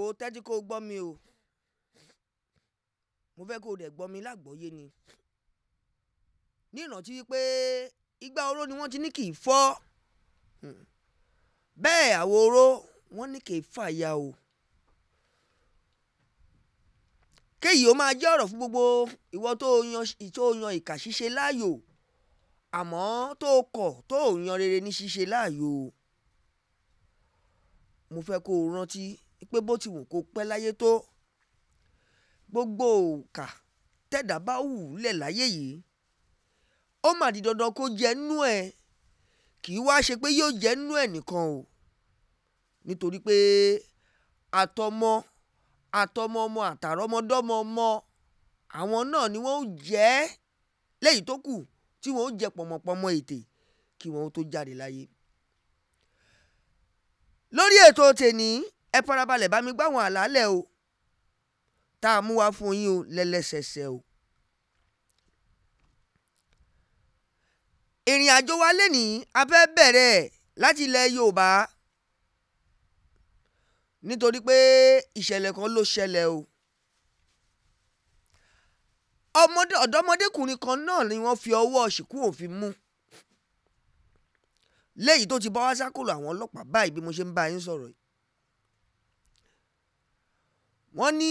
wo tẹ́tí kó o gbọ́ mi o mo fẹ́ kó o dẹ̀ gbọ́ mi lágbọ́yé ni ní ìrántí wípé igbá oró ni wọ́n ti ní kì í fọ́ hmm. bẹ́ẹ̀ àwo oró wọ́n ní kì í fàya o kéyìí ó máa jẹ́ ọ̀rọ̀ fún gbogbo ìwọ tó yan ìkà ṣíṣe láàyò àmọ́ tó kọ̀ tó yan rere ní ṣíṣe láàyò mo fẹ́ kó o rántí pé bó ti wù kó pẹ́ láyé tó gbogbo òǹkà tẹ̀dá bá wù ú lẹ̀ láyé yìí ó mà di dandan kó jẹ́ nú ẹ̀ kì í wá ṣe pé yóò jẹ́ nú ẹ̀ nìkan o nítorí pé àtọmọ àtọmọ ọmọ àtàrọmọdọ́mọ ọmọ àwọn náà ni wọ́n ó jẹ́ lẹ́yìn tó kù tí wọ́n ó jẹ pọ̀mọ̀pọ̀mọ̀ ètè kí wọ́n ó tó jáde láyé lórí ètò tèní ẹ farabalẹ̀ bá mi gbá àwọn àlàálẹ̀ o tá a mú wá fún yín o lẹ́lẹ́sẹsẹ o. ìrìn àjò wa lè ní a fẹ́ bẹ̀rẹ̀ láti ilẹ̀ Yorùbá nítorí pé ìṣẹ̀lẹ̀ kan ló ṣẹlẹ̀ o ọmọdé ọ̀dọ́mọdékùnrin kan náà ni wọ́n fi ọwọ́ ṣìkú òfin mú léyìí tó ti bá wá sákòlò àwọn ọlọ́pàá báyìí bí mo ṣe ń bá yín sọ̀rọ̀ yìí wọ́n ní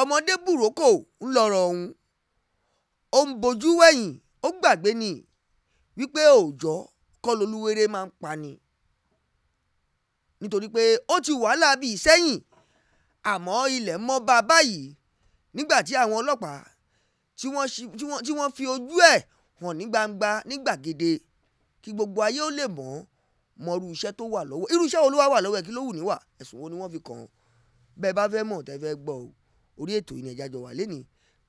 ọmọdé bùrókò ńlọrọ̀ ọ̀hún ó ń bojú wẹ̀yìn ó gbàgbé ni wípé òòjọ́ kọ́ lolúwere máa ń pani nítorí pé ó ti wàhálà bíi sẹ́yìn àmọ́ ilẹ̀ mọ́ bá a báyìí nígbà tí àwọn ọlọ́pàá tí wọ́n fi ojú ẹ̀ hàn ní gbangba ní gbàgede kí gbogbo ayé ó lè mọ̀ mọ̀rú iṣẹ́ tó wà lọ́wọ́ irú iṣẹ́ olúwa wà lọ́wọ́ ẹ̀ kí ló wù níwà ẹ̀sùn wo ni wọ́n fi kàn án bẹ́ẹ̀ bá fẹ́ mọ̀ tẹ́ fẹ́ gbọ́ o orí ètò yìí ni ẹ̀jájọ wà lẹ́nìí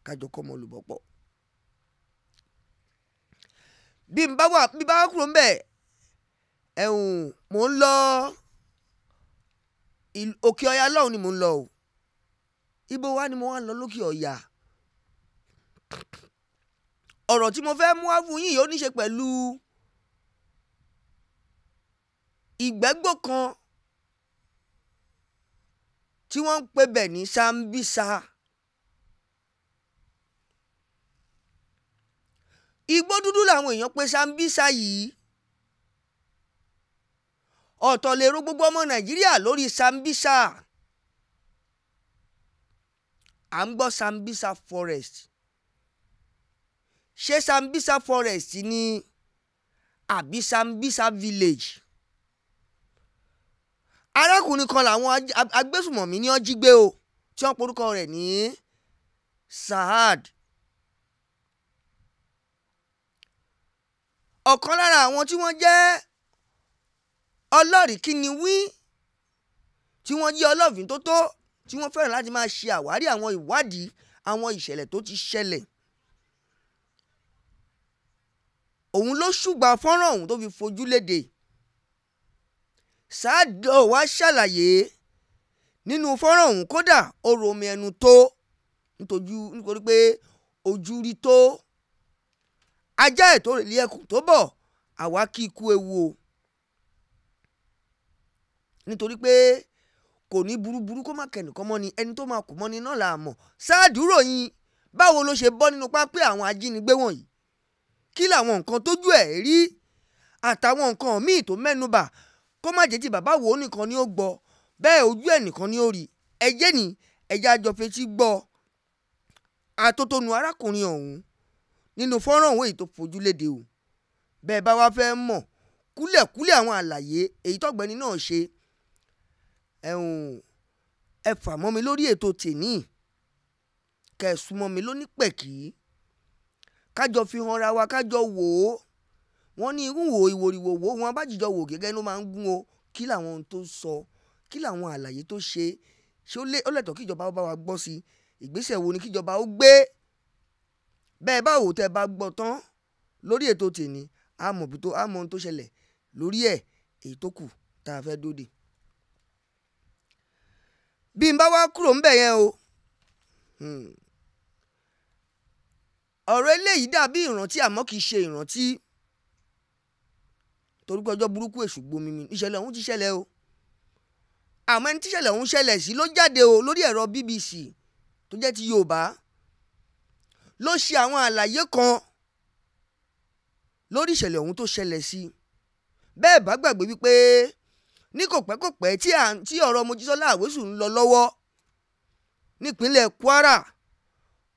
kájọ kọ́ ọmọ olùbọ́pọ̀. bí n bá wà bí bá wà kúrò ń ẹ̀hún mò ń lọ òkè ọ̀yà lọ́hùn ni mò ń lọ o ibo wa ni mo wá lọ lókè ọ̀yà ọ̀rọ̀ tí mo fẹ́ mú wá fún yín yìí ó ní ṣe pẹ̀lú ìgbẹ́gbò kan tí wọ́n ń pè bẹ̀ ní Sambisa. igbó dúdú làwọn èèyàn pè Sambisa yìí ọ̀tọ̀ lèrò gbogbo ọmọ Nàìjíríà lórí Sambisa à ń gbọ́ Sambisa forest ṣé Sambisa forest ni àbí Sambisa village arákùnrin kan làwọn agbésùmọ̀mí ní wọ́n jí gbé o tí wọ́n porúkọ rẹ̀ ní Saad ọ̀kan lára àwọn tí wọ́n jẹ́ ọlọ́rìí kíni wí tí wọ́n jẹ́ ọlọ́fìn tó tó tí wọ́n fẹ́ràn láti máa ṣe àwárí àwọn ìwádìí àwọn ìṣẹ̀lẹ̀ tó ti ṣẹlẹ̀ òun ló ṣùgbà fọ́nrán ọ̀hún tó fi fojú léde ṣáàdọ̀ wá ṣàlàyé nínú fọ́nrán ọ̀hún kódà ó romi ẹnu tó nítojú nítorí pé ojú rí tó ajá ètò ìrèlé ẹkùn tó bọ̀ àwa kí ikú ewu o nítorí pé kò ní burúburú kó má kẹnìkan mọ́ni ẹni tó máa kù mọ́ni náà là á mọ̀ ṣáàdúró yín báwo ló ṣe bọ́ nínú pápẹ́ àwọn ajínigbé wọ̀nyí kí làwọn nǹkan tójú ẹ̀ rí àtàwọn nǹkan míì tó mẹ́nubà kó má jẹ́ ti bàbá wò ó nìkan ni ó gbọ́ bẹ́ẹ̀ ojú ẹ̀ nìkan ni ó rí ẹjẹ́ ni ẹjẹ́ àjọfetí gbọ́ àtótónu arákùnrin ọ̀hún nínú fọ́nrán òun èyí tó fojú léde o bẹ́ẹ̀ bá wá fẹ́ mọ̀ kúlẹ̀kúlẹ̀ àwọn àlàyé èyí tọ́gbẹ́ni náà ṣe ẹ̀hún ẹ fà mọ́ mi lórí ètò tèní kẹ̀sùn mọ́ mi lónípẹ̀kì kájọ fi hànra wa kájọ wò ó wọ́n ní irú wo ìwòrìwò wo wọn bá jìjọ wò gẹ́gẹ́ ló máa ń gún o kí làwọn ohun tó sọ kí làwọn àlàyé tó ṣe ṣé ó lẹ́tọ̀ọ́ kíjọba ó bá wa gbọ́ sí ìgbésẹ̀ wo ni kíjọba ó gbé bẹ́ẹ̀ báwo tẹ́ bá gbọ́ tán lórí ètò tèmi àmọ́ bí tó àmọ́ ohun tó ṣẹlẹ̀ lórí ẹ̀ èyí tó kù tá a fẹ́ dóde. bí n bá wá kúrò ń bẹ̀ yẹn o hmm, ọ̀rọ̀ eléyìí dàbí ìrántí àmọ́ kì í ṣe ìrántí torí pé ọjọ́ burúkú èṣù gbomi mi ìṣẹ̀lẹ̀ ọ̀hún ti ṣẹlẹ̀ o àmọ́ ẹni tíṣẹ̀lẹ̀ ọ̀hún ṣẹlẹ̀ sí ló jáde o lórí ẹ̀rọ BBC tó jẹ́ ti Yorùbá ló ṣe àwọn àlàyé kan lórí ìṣẹ̀lẹ̀ ọ̀hún tó ṣẹlẹ̀ sí bẹ́ẹ̀ bá gbàgbé wípé ní kò pẹ́ kò pẹ́ tí ọ̀rọ̀ Mojísọ́lá Àwésù ń lọ lọ́wọ́ nípínlẹ̀ Kwara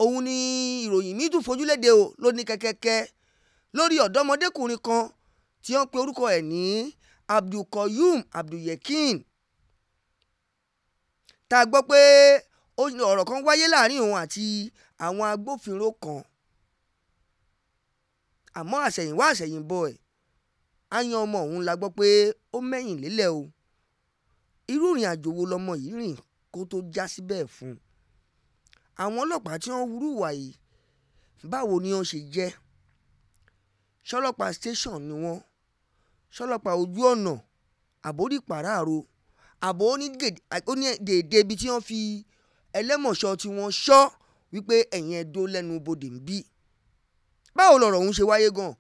òun ni ìròyìn mi tún fojúlédè o ló ní kẹ́kẹ́kẹ́ lórí ọ̀dọ́mọdékùnrin kan tí wọ́n pe orúkọ ẹ̀ ní Abdulkoyum Abdulyekin tá a gbọ́ pé ọ̀rọ̀ kan wáyé láàrin òun àti àwọn agbófinró kan àmọ́ àṣẹ̀yìnwá àṣẹ̀yìnbọ̀ ẹ̀ ayan ọmọ òun la gbọ́ pé ó mẹ́yìn lélẹ̀ o irú ìrìn àjò wo lọmọ yìí rìn kó tó já síbẹ̀ fún un àwọn ọlọ́pàá tí wọ́n hurú ìwà yìí báwo ni wọ́n ṣe jẹ́ ṣọlọ́pàá station ni wọ́n ṣọlọ́pàá ojú ọ̀nà àbórí pàráàrò àbò onídèédé ibi tí wọ́n fi ẹlẹ́mọ̀ṣọ́ tí wọ́n ṣọ́ wípé ẹ̀yìn ẹ̀dó lẹ́nu bodè ń bí. báwo lọ̀rọ̀ ọ̀hún ṣe wáyé gan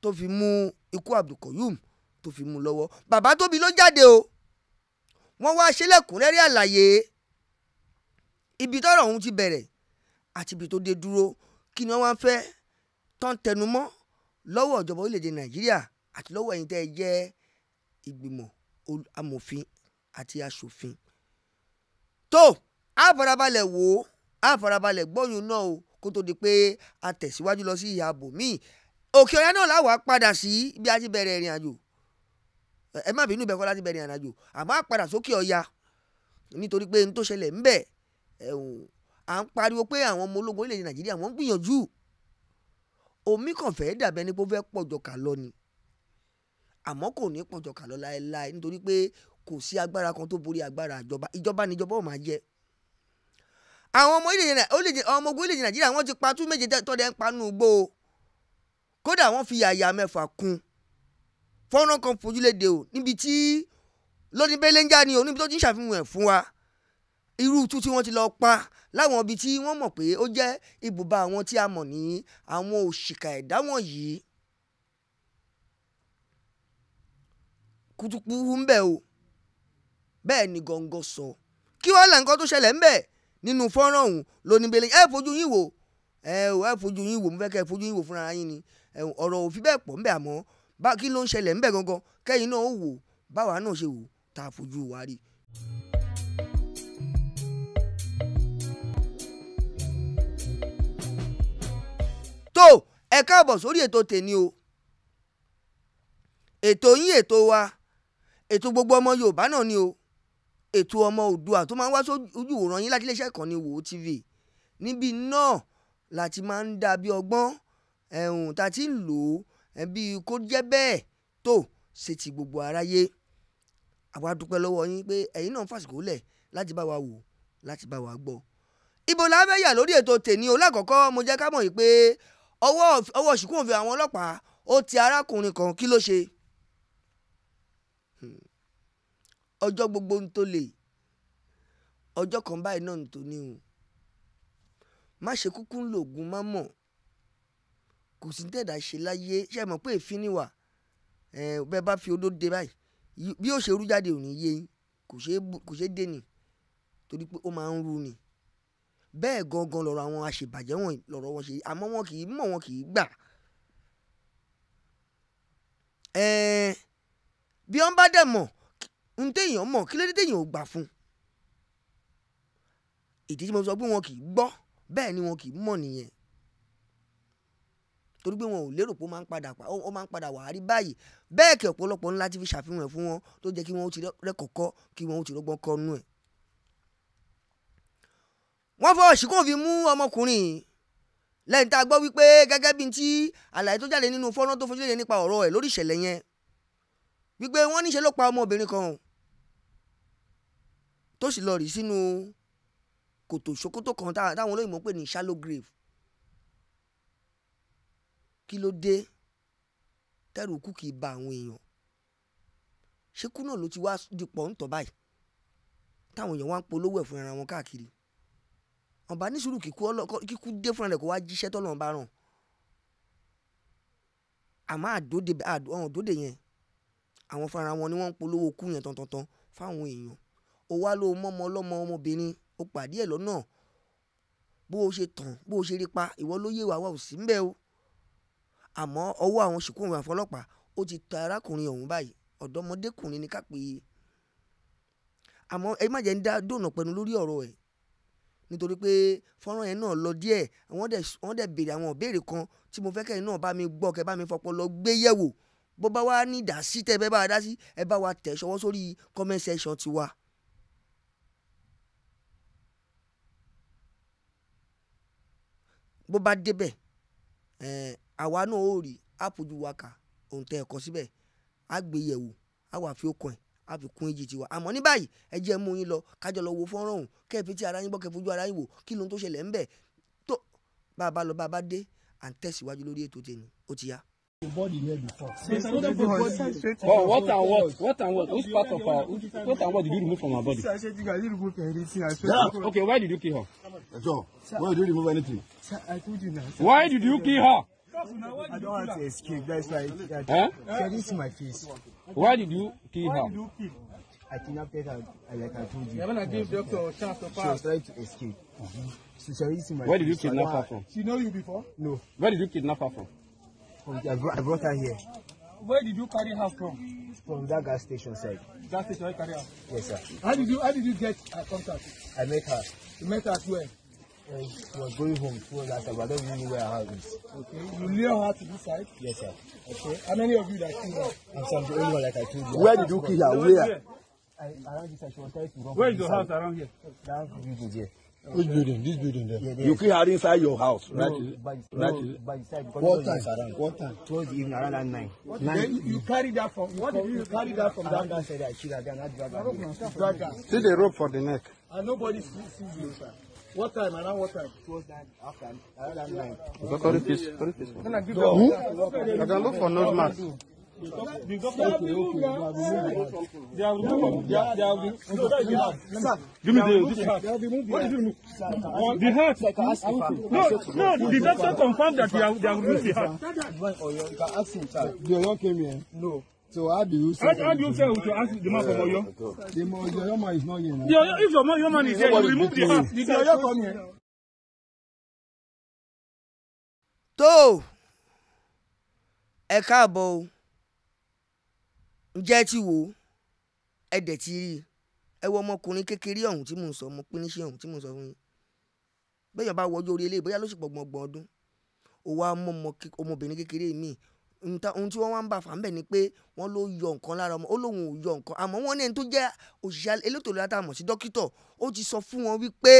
tó fi mú ikú Abdulkoyum tó fi mú lọ́wọ́ bàbá tóbi ló jáde o wọ́n wá ṣẹlẹ̀kúnrẹ́rẹ́ àlàyé ibi tọ́rọ̀ ọ̀hún ti bẹ̀rẹ̀ àti ibi tó dé dúró kí ni wọ́n wá ń fẹ́ tán tẹnumọ́ lọ́wọ́ ìjọba orílẹ̀-èdè Nàìjíríà àti lọ́wọ́ ẹ̀yin tẹ́ ẹ jẹ́ ìgbìmọ̀ amòfin àti aṣòfin. tó a farabalẹ̀ wò ó a farabalẹ̀ gbọ́yùn náà o kó tó di pé a tẹ̀síwájú lọ sí ìhà bòmíì òkè ọ̀yá náà làwọn padà sí bí a ti bẹ̀rẹ̀ ìrìn àjò ẹ má bínú bẹ́ẹ̀ kọ́ láti bẹ̀rẹ̀ ìrìn àjò àmọ́ a padà sókè ọ̀yá nítorí pé n tó ṣẹlẹ̀ ń bẹ̀ ẹ̀hún à ń pariwo pé àwọn ọmọ ológun orílẹ̀-èdè nàìjíríà wọ́n ń gbìyànjú omi kàn fẹ́ dàbẹ́ ni pé ó fẹ́ pọ̀jọ kà lọ ni àmọ́ kò ní pọ̀jọ́ kà lọ láéláé nítorí pé kò sí agbára kan tó borí agbára ìjọba ìjọba níjọba ò máa jẹ àwọn ọmọ ogun orílẹ̀-èdè nàìjíríà wọ́n ti pa tú méje tọ́lẹ̀ ń panú gbó o kódà wọ́n fi àyà mẹ́fà kún fọ́nrán kan fojú léde o níbi tí lóní bẹ́lẹ́njà ni o níbi tó ti ń ṣàfihàn ẹ̀ fún wa irú tú tí wọ́n ti lọ pa láwọn ibi tí wọ́n mọ̀ pé ó jẹ́ ibùba àwọn tí a mọ̀ ní àwọn òṣìkà ẹ̀dá wọ̀nyí kùtùkùwù ń bẹ̀ o bẹ́ẹ̀ ni gọ̀ǹgọ̀ sọ kí wọ́n là nǹkan tó ṣẹlẹ̀ ń bẹ̀ nínú fọ́nrán ọ̀hún lónìbẹ̀lẹ̀ ẹ fojú yín wò ẹ ò ẹ fojú yín wò mo fẹ́ kẹ́ ẹ fojú yín wò fúnra yín ni ọ̀rọ̀ òfin bẹ́ẹ̀ pọ̀ ń bẹ̀ àmọ́ kí ló ń ṣẹlẹ̀ ń bẹ̀ gangan náà ó wò báwa náà ṣe wò tá a fojú wa rí. tó ẹ káàbọ̀ sórí ètò tèmi o ètò yín ètò wa ètò gbogbo ọmọ Yorùbá náà ni o ètò ọmọ Oòduà tó máa ń wá sójú ìwòran yín láti iléeṣẹ́ ìkànnì wò ó TV níbi náà láti máa ń dà bí ọgbọ́n ẹ̀hún tá a ti ń lò ó bí kò jẹ́ bẹ́ẹ̀ tó ṣe ti gbogbo aráyé àwa dúpẹ́ lọ́wọ́ yín pé ẹ̀yin náà ń fàsìkò lẹ̀ láti bá wa wò láti bá wa gbọ́. ibo la fẹ́ yà lórí ètò tèmi o lákọ̀ọ́kọ́ mo jẹ́ ká mọ̀ yìí pé ọwọ́ ṣìkún òfin àwọn ọlọ́pàá ó ti arákùnrin kan kí ló ṣe ọjọ́ gbogbo ń tó lè ọjọ́ kan báyìí náà ń tó ní o má ṣe kúkú ń lo oògùn má mọ̀ kò sí tẹ̀dá ṣe láyé ṣe mọ̀ pé èéfín níwà bẹ́ẹ̀ bá fi odó de báyìí bí ó ṣe rú jáde ò ní yé yín kò ṣeé dé ni torí pé ó máa ń rú ni bẹ́ẹ̀ gangan lọ́rọ̀ àwọn àṣebàjẹ́ wọn lọ́rọ̀ wọn ṣe àmọ́ wọn kì í mọ̀ wọn kì í gbà. bí wọ́n bá dẹ̀ mọ̀ ń téèyàn mọ̀ kí ló téèyàn ò gbà fún un ìdí tí mo sọ pé wọn kì í gbọ́ bẹ́ẹ̀ ni wọn kì í mọ̀ nìyẹn torí pé wọn ò lérò pé ó máa ń padà ó máa ń padà wà á rí báyìí bẹ́ẹ̀ kẹ́ ọ̀pọ̀lọpọ̀ ńlá ti fi ṣàfihàn ẹ̀ fún wọn tó jẹ́ kí wọ́n ó ti rẹ́kọ̀ọ́kọ́ kí wọ́n ó ti rọ́gbọ́n kọ́ nú ẹ̀. wọ́n fọ ṣìkún fi mú ọmọkùnrin lẹ́yìn tá a gbọ́ wípé gẹ́gẹ́ bíi ti àlàyé tó jáde nínú fọ́nrán tó fojú lè nípa ọ̀rọ̀ ẹ̀ lórí ìṣẹ̀lẹ̀ yẹn wípé wọ́n níṣe ló pa ọmọbìnrin kan tó sì lọ rí sínú kòtò ṣòkòtò kan táwọn olóyìnbó ń pè ní shallow grave kí ló dé tẹ́rù kú kì í ba àwọn èèyàn ṣé kú náà ló ti wá di pọ̀ ń tọ́ báyìí táwọn èèyàn wá ń polówó ẹ̀ fúnra wọn káàkiri ọba ní sùúrù kíkú dé fúnra rẹ̀ kó wá jíṣẹ́ tọ́lọ́run bá ràn àmọ́ àdóde yẹn àwọn fúnra wọn ni wọ́n ń polówó kú yẹn tọ̀ntọ̀ntọ̀ fáwọn èèyàn ó wá ló mọ́mọ́ ọlọ́mọ ọmọbìnrin ó pàdé ẹ̀ lọ́nà bó o ṣe tàn bó o ṣe rí pa ìwọ ló yé wa wa ò sí ń bẹ̀ o àmọ́ ọwọ́ àwọn ṣìkúrò àfọlọ́pàá ó ti ta arákùnrin ọ̀hún báyìí ọ̀dọ́mọdékùnrin ni ká pè é àmọ́ ẹ má jẹ́ ń dá dònà pẹ̀lú lórí ọ̀rọ̀ ẹ̀ nítorí pé fọ́nrán yẹn náà lọ díẹ̀ wọ́n dẹ̀ wọ́n dẹ̀ béèrè àwọn ìbéèrè kan tí mo fẹ́ kẹ́yìn náà bá mi gbọ́ kẹ́ bá mi fọpọlọ gbé yẹ̀wò bó bá wá ní ìdásí tẹ́ ẹ bá wá dá sí ẹ bá wa tẹ̀ ṣọwọ́ sórí comment tiwa. bó bá débẹ̀ àwa náà ó rí àpòjù wa kà ohun tẹ́ ẹ kọ síbẹ̀ á gbé yẹ̀wò á wà fi okùn ẹ̀ á fi kún èjì tiwa àmọ́ ní báyìí ẹ jẹ́ mú yín lọ kájọ lọ wo fọ́nrán ọ̀hún kẹ́ẹ̀fì tí ara yín gbọ́ kẹ́ẹ̀fojú ara yín wò kí lóhun tó ṣẹlẹ̀ ńbẹ̀ tó bá a bá lọ bá a bá dé à ń tẹ̀síwájú lórí ètò tèmi ó ti yá. Body here before. There's another body. Oh, what and what? What and what? Which part of our? What and what did you remove from our body? I said I didn't remove anything. I swear. Yeah. Okay, why did you kill her? So, why did you remove anything? Sir, I told you now. Why did you kill her? I don't want to escape. That's why. Huh? Sir, this is my face. Why did you kill her? Why did you her? I kidnapped her, like I told you. You're gonna give doctor a chance to pass. She was trying to escape. Mm-hmm. So, shall see my Where did you kidnap her from? She know you before? No. Where did you kidnap her from? From I brought, her here. Where did you carry her from? From that gas station side. Gas station, I carry her. Yes, sir. How did you How did you get her contact? I met her. You met her where? Uh, she was going home towards that side, I don't even know where her house is. Okay. You lure her to this side? Yes, sir. Okay. How many of you that killed her? And some the only one that I killed. Her. Where did you kill her? Where? I, around this side, she was trying to run. Where is your house around here? That building there. Which building? This building there. Yeah, You kill her inside your house, no, right? By, right. No, by side. What time? Around. What time? Towards evening, around at nine. nine. Then you carry that from. What did you carry that from that guy? Said I kill her. Then I drag her. Drag her. See the rope for the neck. And nobody sees you, sir. What time? Around what time? Towards nine. After around at nine. Okay, carry this. Carry this. Can I give you? I can look for nose mask. The government, the government, okay, they have removed, they they have, no, that Give me the, this What is it? Oh, the heart. No, no, the doctor confirmed that they are they have removed the heart. You can ask him, child. The Oyo came here? No. So how do you say? How, how do you say to ask the man for Oyo? The Oyo man is not here if your man, man is here, you remove the heart. The Oyo come here. Tó! Ẹ káàbọ̀ o ǹjẹ́ ẹ ti wò ó ẹ dẹ̀ ti rí i ẹ wo ọmọkùnrin kékeré ọ̀hún tí mò ń sọ ọmọ pínísẹ́ ọ̀hún tí mò ń sọ fún yín bẹ́ẹ̀ bá wọjọ́ orí eléyìí bóyá ló sì pọ̀gbọ̀n ọgbọ̀n ọdún òwa ọmọbìnrin kékeré mi ohun tí wọ́n wá ń bà fà ń bẹ̀ ni pé wọ́n ló yọ nǹkan lára ọmọ ó lóun ò yọ nǹkan àmọ́ wọ́n ní ẹni tó jẹ́ òṣìṣẹ́ elétò ìlera tá a mọ̀ sí dókítọ̀ ó ti sọ fún wọn wípé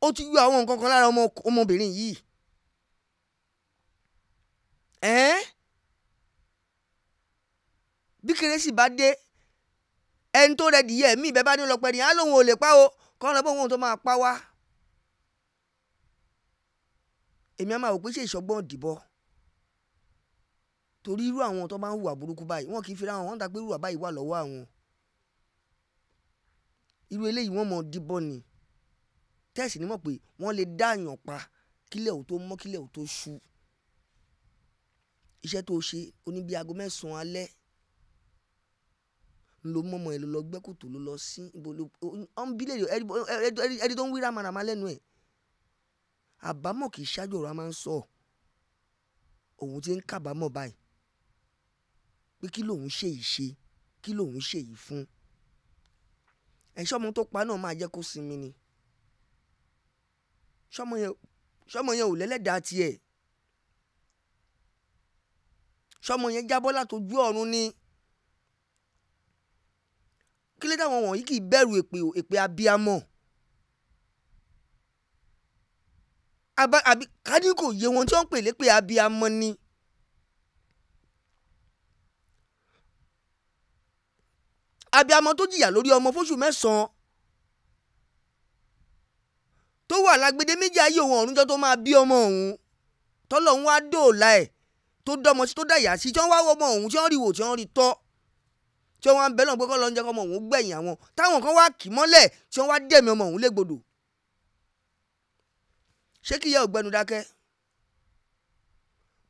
ó ti yọ àwọn nǹkan kan lára ọmọbìnrin yìí bí kérésì bá dé ẹni tó rẹ dìyẹ mí ìbẹ́ bá ní lọ́pẹ́ nìyẹn á lóun ò lè pa o kọ́ńtà lọ́pọ̀ òun tó máa pa wá. èmi á máa wò pé ṣe ìṣọgbọ́n dìbọ torí irú àwọn tó máa ń hùwà burúkú báyìí wọn kì í fira wọn wọn ta pé irú àbáyìí wà lọ́wọ́ àwọn irú eléyìí wọ́n mọ̀ dìbọ ni tẹ́sí ni mọ̀ pé wọ́n lè dáàyàn pa kílẹ̀ ò tó mọ́ kílẹ̀ ò tó ṣú iṣẹ́ tó ṣe oní aago mẹ́sàn-án alẹ́ lo mọmọ ẹ ló lọ gbẹ́ kòtò ló lọ sí ibo ló ọ̀nbílẹ̀ ẹni tó ń wí rámaràmá lẹ́nu ẹ̀ àbámọ̀ kì í ṣáájú ọ̀rọ̀ a máa ń sọ òun ti ń kábàámọ̀ báyìí pé kí lòun ṣe yìí ṣe kí lòun ṣe yìí fún ẹ̀ṣọ́ ọmọ tó pa náà máa jẹ́ kó sinmi ni ṣọmọ yẹn ò lẹ́lẹ́dàá tiẹ̀ ṣọmọ yẹn jábọ́ látojú ọ̀run ni kí ló dáwọn wọ̀nyí kì í bẹ̀rù èpè o èpè abiyamọ. àbí kádì kò yé wọn tí wọ́n ń pè lépè abiyamọ ni. abiyamọ tó jìyà lórí ọmọ fóṣù mẹ́sàn-án tó wà lágbede méjì ayé òun ọ̀rúnjọ́ tó máa bí ọmọ òun tọ́lọ́hún wá dóòlà ẹ̀ tó dọ́mọ sí tó dàyà sí tí wọ́n wá wọ́mọ òun tí wọ́n rí wò tí wọ́n rí tọ́ tí wọ́n á bẹ́ lọ́n pé kọ́ lọ́n jẹ́ kọ́ ọmọ òun gbẹ̀yìn àwọn táwọn kan wá kì í mọ́lẹ̀ tí wọ́n wá dẹ̀mí ọmọ òun légbodò ṣé kí ìyá ògbẹ́nu dákẹ́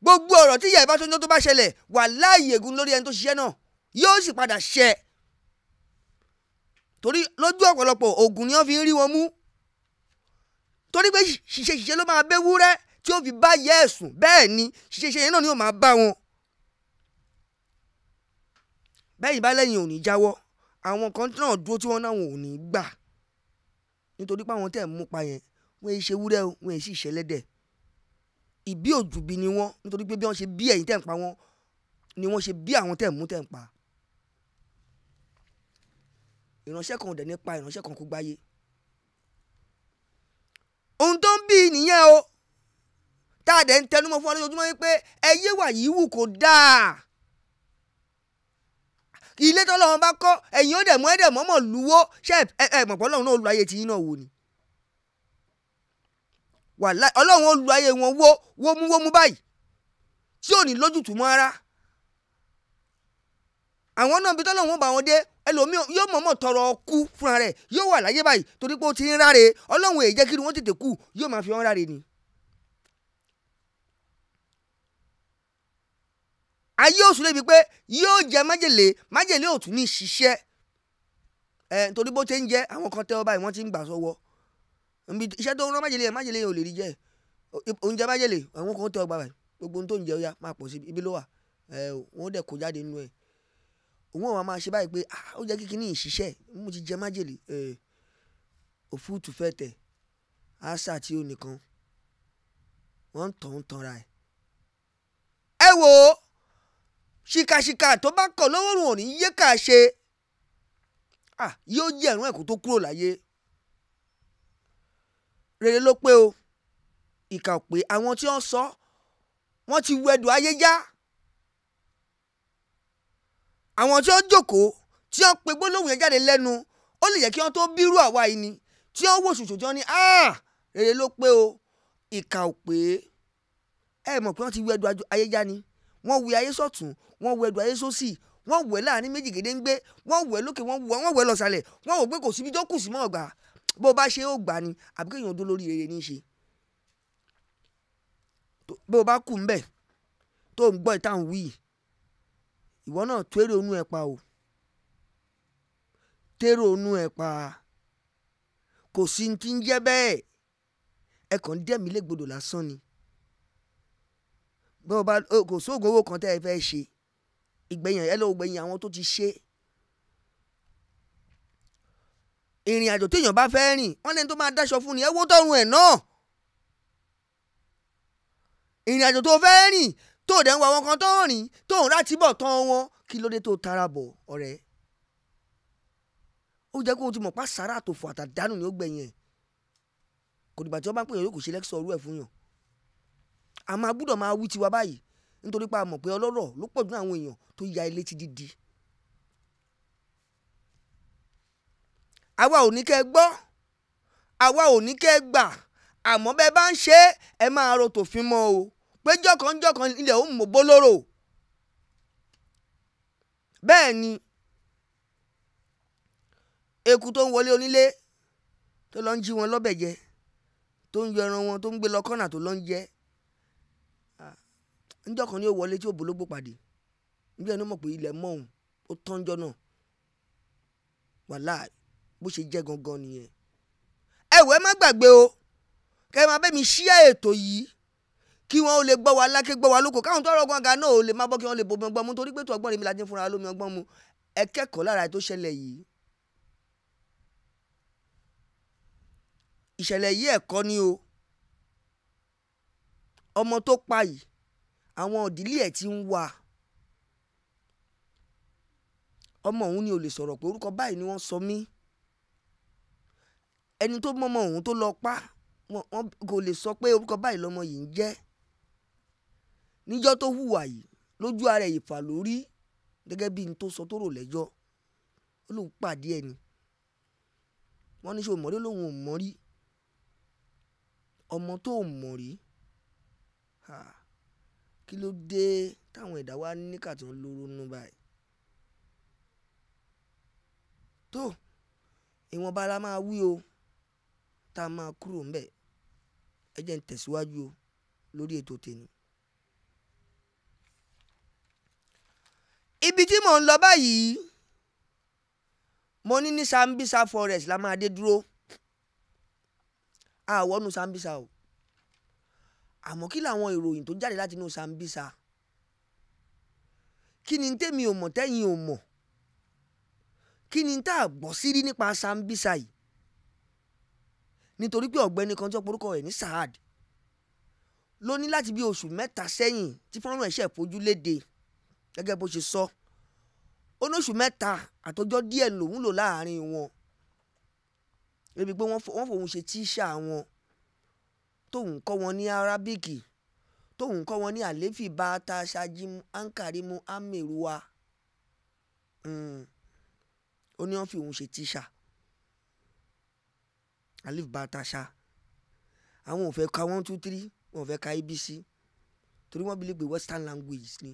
gbogbo ọ̀rọ̀ tí ìyá ìbátanjọ́ tó bá ṣẹlẹ̀ wà láàyè ègún lórí ẹni tó ṣiṣẹ́ náà yóò sì padà ṣẹ torí lójú ọ̀pọ̀lọpọ̀ ògùn ni wọ́n fi ń rí wọn mú torí pé ṣìṣe ṣìṣe ló máa bẹ́ wúrẹ́ tí ó fi bá yẹ ẹ̀sùn bẹ́ẹ̀ ni ṣìṣe ṣìṣe yẹn náà ni ó máa bá wọn bẹ́yìn bá lẹ́yìn ò ní jáwọ́ àwọn kan náà dúró tí wọ́n náwọn ò ní gbà nítorí pé àwọn tẹ̀ ń mú pa yẹn wọ́n ṣe wúrẹ́ o wọ́n sì ṣẹlẹ́dẹ̀ ìbí òjùbí ni wọ́n nítorí pé bí wọ́n ṣe bí ẹ̀yìn tẹ̀ ń pa wọ́n ni wọ́n ṣe bí àwọn tẹ̀ mú tẹ̀ ń pa ìránṣẹ́ kan ò dẹ̀ pa ìránṣẹ́ kan kó gbáyé ohun tó ń bí nìyẹn o tá a dẹ̀ ń tẹnumọ́ fún wa lójoojúmọ́ yín pé ẹyé wà yìí wù kó dáa ilé tọ́lọ́run bá kọ́ ẹ̀yin ó dẹ̀mọ́ ẹ̀dẹ̀mọ́ mọ̀ lúwó ṣe ẹ̀ ẹ̀ mọ̀pọ̀ ọlọ́run náà lu ayé tiyín náà wò ni. wàhálà ọlọ́run ó lu ayé wọn wó wómú wómú báyìí tí ò ní lójútùú mọ́ ara. àwọn náà bí tọ́lọ́run ó bá wọn dé ẹlòmíì yóò mọ̀mọ́ tọrọ kú fúnra rẹ̀ yóò wà láyé báyìí torí pé ó ti ń ráre ọlọ́run èyí jẹ́ kí wọ́n tètè kú yóò máa fi wọn ráre ni. ayé òsùn lébi pé yóò jẹ májèlé májèlé ò tún ní ṣiṣẹ́ ẹ nítorí bó ṣe ń jẹ àwọn kan tẹ ọba yìí wọ́n ti ń gbà sọ́wọ́ nbí iṣẹ́ tó ń rán májèlé yẹn májèlé yẹn ò lè rí jẹ oúnjẹ májèlé àwọn kan tẹ ọgbà báyìí gbogbo ohun tó ń jẹ ó yá máa pọ̀ sí ibi ló wà ẹ wọn dẹ̀ kó jáde nínú ẹ̀ òun àwọn máa ṣe báyìí pé ah, ó jẹ́ kíkiní ìṣiṣẹ́ mo ti jẹ májèlé òfúùtù fẹ́ tẹ̀ àṣà tí ó wọ́n ń tọ̀ ń tanra ẹ̀. ẹ wo ṣìkàṣìkà tó bá kọ̀ lọ́wọ́ òun ò ní yé ká ṣe yóò jẹ́ ẹ̀rún ẹ̀kú tó kúrò láyé rere ló pé o ìkà ò pé àwọn tí wọ́n sọ wọ́n ti wẹ̀dù ayé já àwọn tí wọ́n jókòó tí wọ́n pe gbólóhùn yẹn jáde lẹ́nu ó lè jẹ́ kí wọ́n tó bírú àwa yìí ni tí wọ́n wò ṣòṣò ní rere ló pé o ìkà ò pé ẹ mọ̀ pé wọ́n ti wẹ̀dù ayé já ni wọ́n wí ayé sọ̀tún wọ́n wọ ẹ̀dù ayé sósì wọ́n wẹ̀ láàrin méjì gédéńgbé wọ́n wẹ̀ lókè wọ́n wọ́ wọ́n wẹ̀ lọ́sàlẹ̀ wọ́n wò pé kò síbi tó kù sí mọ́ ọ̀gbà bó bá ṣe ó gbà ni àbí kéèyàn dó lórí rere ní í ṣe bó bá kù ń bẹ̀ tó ń gbọ́ ìtàn wí ìwọ náà tẹ́rẹ̀ onú ẹ̀ pa o tẹ́rẹ̀ onú ẹ̀ pa kò sí ti ń jẹ́ bẹ́ẹ̀ ẹ kàn ń dẹ̀mí légbodò lásán ni bó bá kò sóògùn owó kan tẹ́ ẹ fẹ́ ṣe ìgbẹ̀yìn ẹ lọ́wọ́ gbẹ̀yìn àwọn tó ti ṣe ìrìn àjò téèyàn bá fẹ́ rìn wọ́n lẹ́ni tó máa dáṣọ fún ni ẹ wó tọrùn ẹ̀ náà ìrìn àjò tó fẹ́ rìn tó dẹ̀ ń wá wọn kan tó ń rìn tó ń ráti bọ̀ tán wọn kí ló dé tó tara bọ̀ ọ̀rẹ́ ó jẹ́ kó o ti mọ̀ pa sàrà àtòfò àtàdánù ni ó gbẹ̀yìn ẹ̀ kò dìgbà tí wọ́n bá ń pè yàn yóò kò ṣe lẹ́kṣọ̀ ọ̀rú ẹ̀ fún yàn àmọ́ a máa wí tiwa báyìí nítorí pé a mọ̀ pé ọlọ́rọ̀ ló pọ̀ nínú àwọn èèyàn tó ya ilé ti dídi. àwa ò ní kẹ́ ẹ gbọ́ àwa ò ní kẹ́ ẹ gbà àmọ́ bẹ́ẹ̀ bá ń ṣe é ẹ máa ro tòfin mọ́ o pé jọ̀kanjọ̀kan ilẹ̀ ó mọ̀ bólóró bẹ́ẹ̀ ni eku tó ń wọlé onílé tó lọ ń jí wọn lọ́bẹ̀ jẹ tó ń yọ ẹran wọn tó ń gbé lọ kọ́nà tó lọ ń jẹ njọ́ kan ni ó wọlé tí ó bológbò pàdé njọ́ ẹni mọ̀ pé ilẹ̀ mọ́ òun ó tọ́njọ́ náà wàhálà bó ṣe jẹ́ gangan nìyẹn. ẹ wò ẹ má gbàgbé o kẹ́ ẹ máa bẹ́ mi ṣíà ètò yìí kí wọ́n ó lè gbọ́ wa lákè gbọ́ wa lóko káwọn tó rọgbọ́n ga náà ó lè má bọ́ kí wọ́n lè bomi ọgbọ́n mu torí pé tó ọgbọ́n rẹ̀ mi la fúnra lómi ọgbọ́n mu ẹ kẹ́kọ̀ọ́ lára tó ṣẹlẹ̀ yìí. ìṣẹ̀lẹ̀ yìí ẹ̀kọ́ ni o ọmọ tó pa yìí àwọn òdílé ẹ̀ ti ń wá ọmọ òun ni ò lè sọ̀rọ̀ pé orúkọ báyìí ni wọ́n sọ mí ẹni tó mọ́mọ́ òun tó lọ pa wọ́n kò lè sọ pé orúkọ báyìí lọ́mọ yìí ń jẹ́ níjọ́ tó hùwà yìí lójú ara ẹ̀ ìfà lórí gẹ́gẹ́ bí n tó sọ tó rò lẹ́jọ́ ó lóun pàdé ẹ̀ wọ́n ní ṣe òmọ̀rí lòun ò mọ̀ ọmọ tó mọ̀ rí. Ha kí ló dé táwọn ẹ̀dá wa ní níkà tó ń lóró nínú báyìí. tó ìwọ̀nba la máa wí o tá a máa kúrò ńbẹ̀ ẹ jẹ́ ń tẹ̀síwájú o lórí ètò tèmi. ibi tí mò ń lọ báyìí mo ní ní Sambisa forest la máa dé dúró àwọnú Sambisa o àmọ́ kí làwọn ìròyìn tó jáde láti inú Sambisa kí ni tèmi ò mọ̀ tẹ́yìn ò mọ̀ kí ni tá a gbọ́ sí rí nípa Sambisa yìí nítorí pé ọ̀gbẹ́ni kan tí wọ́n porúkọ rẹ̀ ní Saad ló ní láti bí oṣù mẹ́ta sẹ́yìn tí fọ́nrán ẹ̀ṣẹ̀ fojú léde gẹ́gẹ́ bó ṣe sọ ó ní oṣù mẹ́ta àtọjọ́ díẹ̀ lòún lò láàrin wọn ebi pé wọ́n fòun ṣe tíṣà wọn tóun kọ́ wọn ní arábíkì tóun kọ́ wọn ní àléfì bàtà ṣájímù ankarimu amèrúwa hmm. ó ní wọ́n fi òun ṣe tíṣà alif bàtà ṣá àwọn ò fẹ́ ka one two three wọn ò fẹ́ ka abc torí wọ́n believe pé western language ni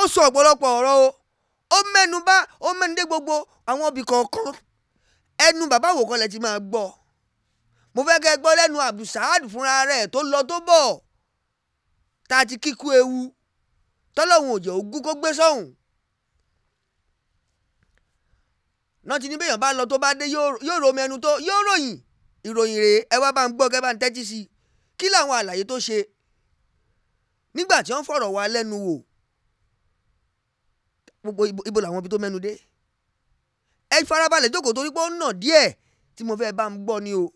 ó sọ ọ̀pọ̀lọpọ̀ ọ̀rọ̀ o ó mẹ́nu bà ó mẹ́nu dé gbogbo àwọn ibì kọ̀ọ̀kan ẹnu bàbá àwòkọ́lẹ̀ ti máa gbọ́ ọ mo fẹ́ kẹ́ gbọ́ lẹ́nu abdulsaad fúnra rẹ̀ tó lọ tó bọ̀ tá a ti kíkú ewu tọ́lọ́hún òjò ogún kó gbé sọ́hùn. náà ti ní bẹ́yàn bá lọ tó bá dé yóò romi ẹnu tó yóò ròyìn ìròyìn rèé ẹ wá bá ń gbọ́ kẹ́ bá ń tẹ́tí sí i kí làwọn àlàyé tó ṣe nígbà tí wọ́n fọ̀rọ̀ wá lẹ́nu wò gbogbo ibo làwọn ibi tó mẹ́nu dé ẹ farabalẹ̀ jókòó torí pé ó nà díẹ̀ tí mo fẹ́ bá ń gbọ́ ni o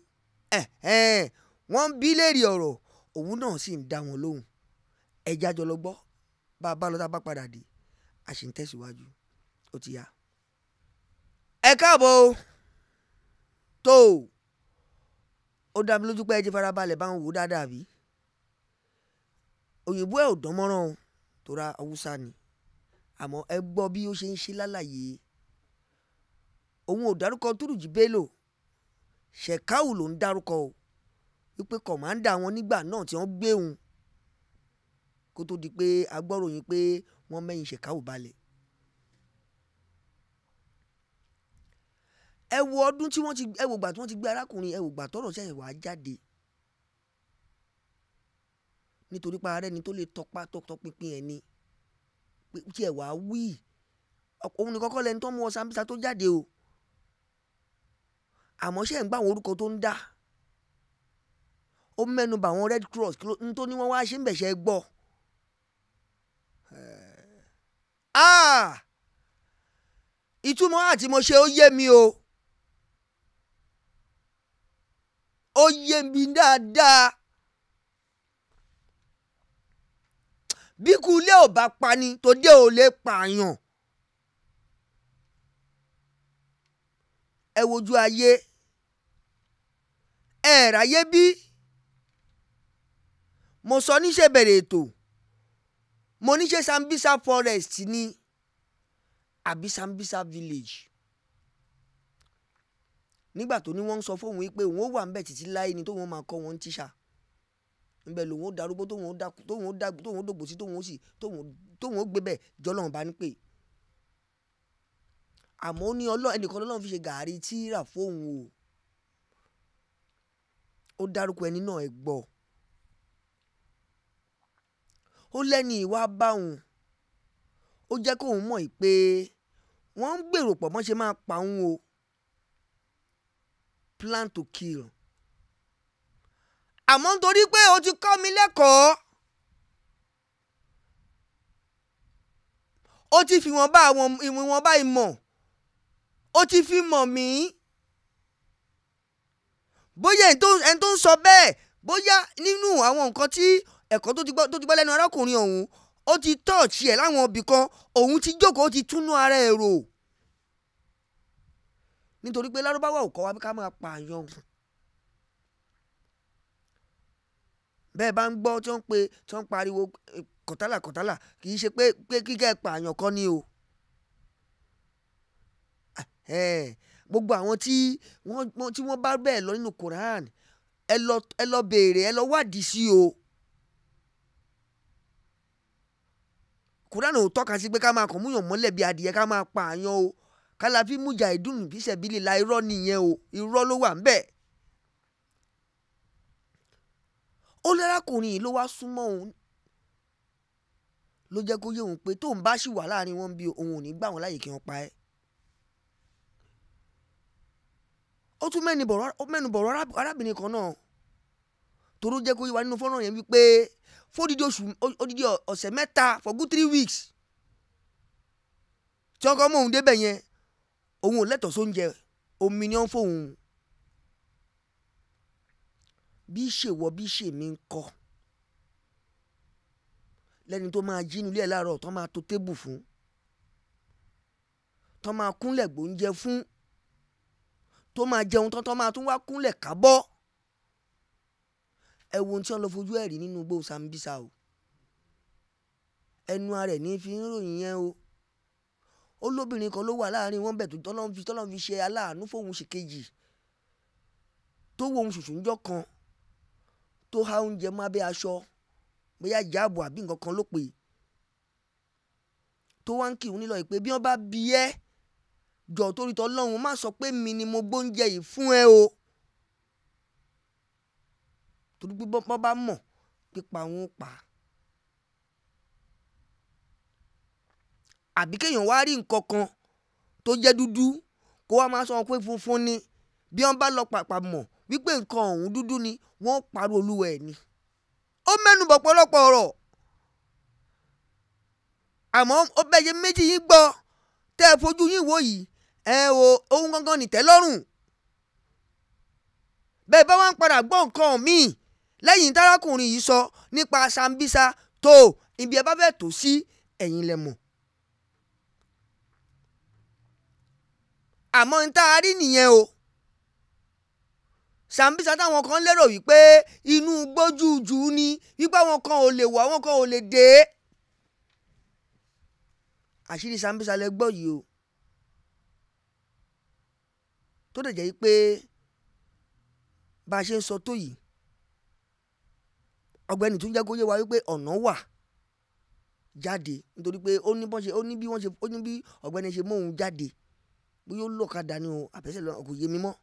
wọ́n ń bí léèrè ọ̀rọ̀ òun náà sì ń dá wọn lóhùn ẹja jọ lọ gbọ́ bá a bá lọ tá a bá padà dé a sì ń tẹ̀síwájú ó ti yá. ẹ káàbọ̀ tó ó dá mi lójú pé ẹ ti farabalẹ̀ bá ń wò ó dáadáa bí òyìnbó ẹ ò dán tó ra haúsá ni àmọ́ ẹ gbọ́ bí ó ṣe ń ṣe lálàyé òun ò dárúkọ túrùjì bélò ṣẹ̀káù ló ń dárúkọ o wípé kọ̀mándà wọn nígbà náà tí wọ́n gbé òun kó tó di pé agbọ́ròyìn pé wọ́n mẹ́yìn ṣẹ̀káù balẹ̀. ẹ wo ọdún tí wọ́n ti ẹ wo gbà tí wọ́n ti gbé arákùnrin ẹ wo tọ́rọ̀ ṣẹ̀ṣẹ̀ wá jáde nítorí pa ara ẹni tó lè tọpa tọpinpin ẹ ni tí ẹ wá wí òun ní kọ́kọ́ lẹni tó mú ọ sàmìsà tó jáde o àmọ́ ṣe ń gbà àwọn orúkọ tó ń dá ó mẹ́nu bà àwọn red cross kí ló ń tó ní wọ́n wá ṣe ń bẹ̀ṣẹ̀ gbọ́ ah! ìtumọ̀ àti mo ṣe ó yé mi o ó yé mi dáadáa bí kú ilé ò bá pani tòde ò lè pààyàn ẹ wojú ayé ẹ ráyé bí mo sọ níṣẹ́ bẹ̀rẹ̀ ètò mo níṣẹ́ Sambisa forest ni àbí Sambisa village nígbà tó ní wọ́n ń sọ fóun pé òun ó wà ńbẹ̀ títí láyé ni tóun ó máa kọ́ wọn tíṣà ńbẹ̀ lòun ó darúgbó tóun ó dákú tóun ó dákú tóun ó dògbò sí tóun ó sì tóun ó gbé bẹ̀ jọlọ́run bá ní pè àmọ́ ó ní ọlọ́run ẹnìkan lọ́lọ́run fi ṣe gàárì tíra fóun o ó dárúkọ ẹni náà ẹ gbọ́ ó lẹ́ni ìwà báwọn ó jẹ́ kóun mọ̀ pé wọ́n ń gbèrò pọ̀ mọ́ máa pa òun o plan to kill àmọ́ nítorí pé o ti kọ́ mi lẹ́kọ̀ọ́ o ti fi wọn bá àwọn ìwọ̀nba ìmọ̀ o ti fi mọ̀ mí bóyá ẹni tó ń sọ bẹ́ẹ̀ bóyá nínú àwọn nǹkan tí ẹ̀kọ́ tó ti gbọ́ lẹ́nu arákùnrin ọ̀hún ó ti tọ́ọ̀tì ẹ̀ láwọn ibì kan òun ti jókòó ti túnú ara ẹ̀ rò nítorí pé lárúbáwá ò kọ́ wa bí ká máa pààyàn bẹ́ẹ̀ bá ń gbọ́ tí wọ́n pe tí wọ́n ń pariwo kọ̀tálà kọ̀tálà kì í ṣe pé pé kíkẹ́ pààyàn kọ́ ni o gbogbo àwọn tí wọ́n tí wọ́n bá bẹ́ẹ̀ lọ nínú Quran ẹ lọ ẹ lọ béèrè ẹ lọ wádìí sí o Quran ò tọ́ka sí pé ká máa kàn múyàn mọ́lẹ̀ bí adìyẹ ká máa pa àyàn o kálàfin mújà ìdùnnú bí sẹ̀bílì la irọ́ nìyẹn o irọ́ ló wà ń bẹ̀. ó lárakùnrin yìí ló wá súnmọ́ òun ló jẹ́ kó yé òun pé tóun bá ṣì wà láàrin wọn bí òun ò ní gbà wọn láàyè kí wọ́n pa ẹ́. ó tún mẹ́nu bọ̀rọ̀ arábìnrin kan náà toró jẹ́ kó yí wa nínú fọ́nrán yẹn wípé fódìdí oṣù odidi ọ̀sẹ̀ mẹ́ta for good three weeks tí wọ́n kọ́ mọ́ òun débẹ̀ yẹn òun ò lẹ́tọ̀ọ́ sóúnjẹ omi ni wọ́n fóun bí ṣèwọ bí ṣèmi ń kọ́ lẹ́ni tó máa jí nílé láàárọ̀ tó máa to tébù fún tó máa kúnlẹ̀ gbóúnjẹ fún tó máa jẹun tán tán máa tún wá kúnlẹ̀ kábọ́ ẹ wo ohun tí wọ́n lọ fojú ẹ̀ rí nínú igbó Sambisa o ẹnu ara ẹ̀ ní fi ń ròyìn yẹn o ó lóbìnrin kan ló wà láàrin wọn bẹ̀ tó tọ́lọ́n fi tọ́lọ́n fi ṣe aláàánú fóun ṣèkejì tó wo ohun ṣùṣù ńjọ́ kan tó há oúnjẹ mọ́ abẹ́ aṣọ bóyá ìjáàbò àbí nǹkan kan ló pè tó wá ń kí òun nílò ìpè bí wọ́n bá bí ẹ́ jọ torí tọlọ́run má sọ pé mi ni mo gbóúnjẹ yìí fún ẹ o torí pé bọ́ bá mọ̀ pípa wọn pa àbí kéèyàn wá rí nǹkan kan tó jẹ́ dúdú kó wá máa sọ wọn pé funfun ni bí wọ́n bá lọ pàpà mọ̀ wípé nǹkan ọ̀hún dúdú ni wọ́n parọ́ olúwa ẹ̀ ni ó mẹ́nubọ̀ pọ̀lọpọ̀ ọ̀rọ̀ àmọ́ ó bẹ́ẹ̀ méjì yín gbọ́ tẹ́ ẹ fojú yín wò yìí ẹ o ohun gangan nìtẹ́lọ́rùn bẹ́ẹ̀ bá wá ń padà gbọ́ nǹkan míì lẹ́yìn tárákùnrin yìí sọ nípa Sambisa tó ibi ẹ bá fẹ́ tó sí ẹ̀yin lẹ mọ̀. àmọ́ n tá rí nìyẹn o Sambisa táwọn kan lérò wípé inú gbójújú ni wípé àwọn kan ò lè wọ àwọn kan ò lè dé àṣírí Sambisa lẹ gbọ́ yìí o tó dẹ̀ jẹ́ pé bá a ṣe ń sọ tó yìí ọ̀gbẹ́ni tún jẹ́ yé wa wípé ọ̀nà wà jáde nítorí pé ó ní bí wọ́n ṣe ó ní bí ọ̀gbẹ́ni ṣe mú òun jáde bí yóò lọ́kadà ni o àbẹ́sẹ̀ lọ́nà kò yé mi mọ́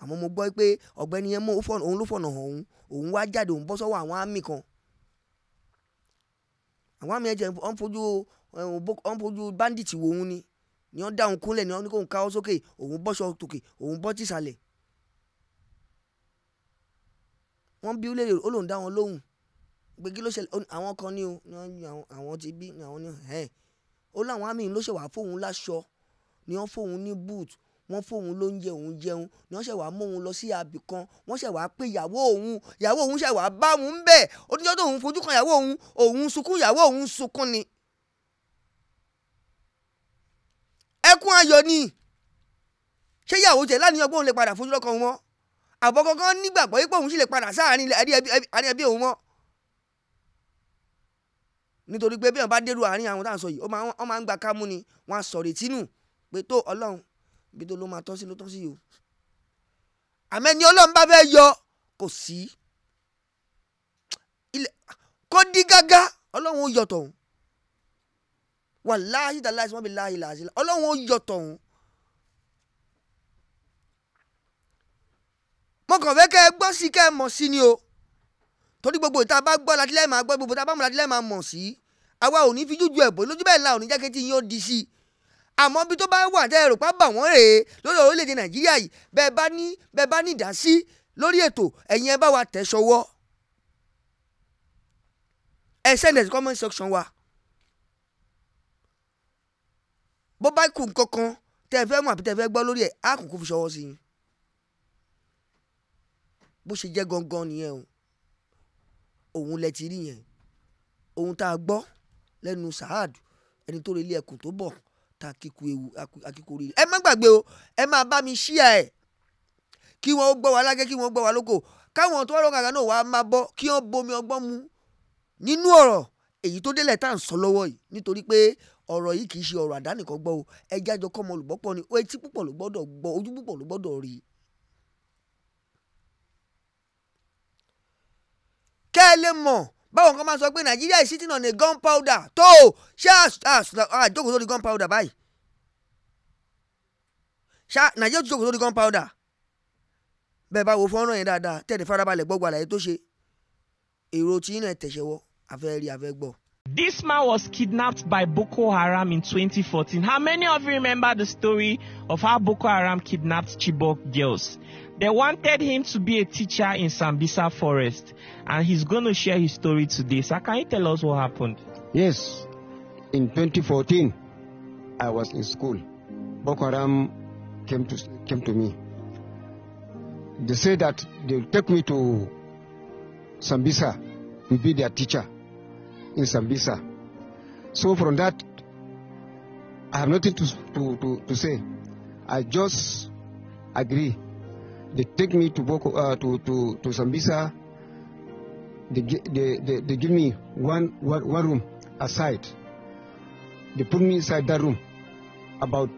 àmọ́ mo gbọ́ pé ọ̀gbẹ́ni yẹn mú òun ló fọ̀nà hàn òun òun wá jáde òun bọ́ sọ́wọ́ àwọn àmì kan àwọn àmì ẹ̀jẹ̀ ọ̀n fojú bandit wo òun ni ni wọ́n dá òun ni wọ́n ní kóun káwọ́ sókè òun bọ́ṣọ tòkè òun bọ́ tìsàlẹ̀ wọ́n bí léèrè ó lòun dá wọn lóhùn pé kí ló ṣẹlẹ̀ àwọn kan ní o àwọn ti bí àwọn ní ẹ̀ ó láwọn àmì ló ṣẹ̀wá fóun láṣọ ni wọ́n fóun ní boot wọ́n fóun lóúnjẹ òun jẹun ni wọ́n ṣẹ̀wá mú òun lọ sí abì kan wọ́n ṣẹ̀wá pé ìyàwó òun ìyàwó òun ṣẹ̀wá bá òun bẹ́ẹ̀ ó ní jọ́ tó òun fojú kan ìyàwó òun òun sunkún ìyàwó òun sunkún ni. ẹkún ayọ̀ ni ṣé ìyàwó tiẹ̀ láníyàn pé òun lè padà fojú lọ́kọ òun mọ́ àbọ̀ kankan nígbàgbọ́ pé òun sì lè padà sáàárín àárín ẹbí òun mọ́ nítorí pé bí wọn bá dérú àárín àwọn tá sọ yìí wọn máa ń gba kámú ni wọn á sọ̀rọ̀ ìtínú pé tó ọlọ́run ibi tó ló máa tọ́ sí ló tọ́ sí yìí o àmẹ́ni ọlọ́run bá fẹ́ yọ kò sí kó dí gágá ọlọ́run ó yọ tọ̀hún wàláhì tàláhì sọ́mọ́bí láhì làásì ọlọ́run ó yọ tọ̀hún. mo kàn fẹ́ kẹ́ ẹ gbọ́ sí kẹ́ ẹ mọ̀ sí ni o torí gbogbo ìta bá gbọ́ látílẹ̀ máa gbọ́ gbogbo ìta bá mọ̀ látílẹ̀ máa mọ̀ sí àwa ò ní fi jújú ẹ̀bọ̀ lójú bẹ́ẹ̀ la ò ní jákẹ́tì yín ó di sí i àmọ́ bí tó bá wà tẹ́ ẹ̀rọ pa bà wọ́n rèé lórí orílẹ̀-èdè nàìjíríà yìí bẹ́ẹ̀ bá ní bẹ́ẹ̀ bá ní ìdásí lórí ètò ẹ̀yin ẹ bá wa tẹ̀ sọwọ́ ẹ send us comment wa bó bá kù kankan tẹ́ ẹ fẹ́ mọ̀ àbí tẹ́ ẹ fẹ́ gbọ́ lórí ẹ̀ á kúkú fi ṣọwọ́ sí i bó ṣe jẹ́ gangan nìyẹn o òun lẹ ti rí yẹn ohun tá a gbọ́ lẹ́nu Saad ẹni tó relé ẹkùn tó bọ̀ ta kíkú ewu akíkú oríire ẹ má gbàgbé o ẹ máa bá mi ṣíà ẹ kí wọn ó gbọ́ wa lágẹ́ kí wọn ó gbọ́ wa lóko káwọn tó wà lọ́kàn náà wàá máa bọ́ kí wọ́n bomi ọgbọ́n mu nínú ọ̀rọ̀ èyí tó délẹ̀ tá à ń sọ lọ́wọ́ yìí nítorí pé ọ̀rọ̀ yìí kì í ṣe ọ̀rọ̀ àdánìkan gbọ́ o ẹjẹ́ àjọ kọ́mọ olùgbọ́pọ̀ ni etí púpọ̀ ló gbọ́dọ̀ gbọ́ ojú púpọ̀ ló gbọ́dọ̀ rí i. kẹ́ ẹ lè mọ̀ báwọn kan máa sọ pé nàìjíríà is sitting on a gunpowder tó o ṣé àjókòó sórí gunpowder báyìí ṣá nàìjíríà tó jókòó sórí gunpowder bẹ́ẹ̀ bá wo fọ́nrán yẹn dáadáa tẹ̀lé farabalẹ̀ gbọ́gbọ́ àlàyé tó ṣe èrò tí yín náà tẹ̀sẹ̀ wọ àfẹ́ rí àfẹ́ gbọ́. This man was kidnapped by Boko Haram in 2014. How many of you remember the story of how Boko Haram kidnapped Chibok girls? They wanted him to be a teacher in Sambisa Forest, and he's going to share his story today. So, can you tell us what happened? Yes, in 2014, I was in school. Boko Haram came to, came to me. They said that they'll take me to Sambisa to be their teacher in Sambisa. So from that, I have nothing to, to, to, to say. I just agree. They take me to Boko, uh, to, to, to Sambisa. They, they, they, they give me one, one, one room aside. They put me inside that room about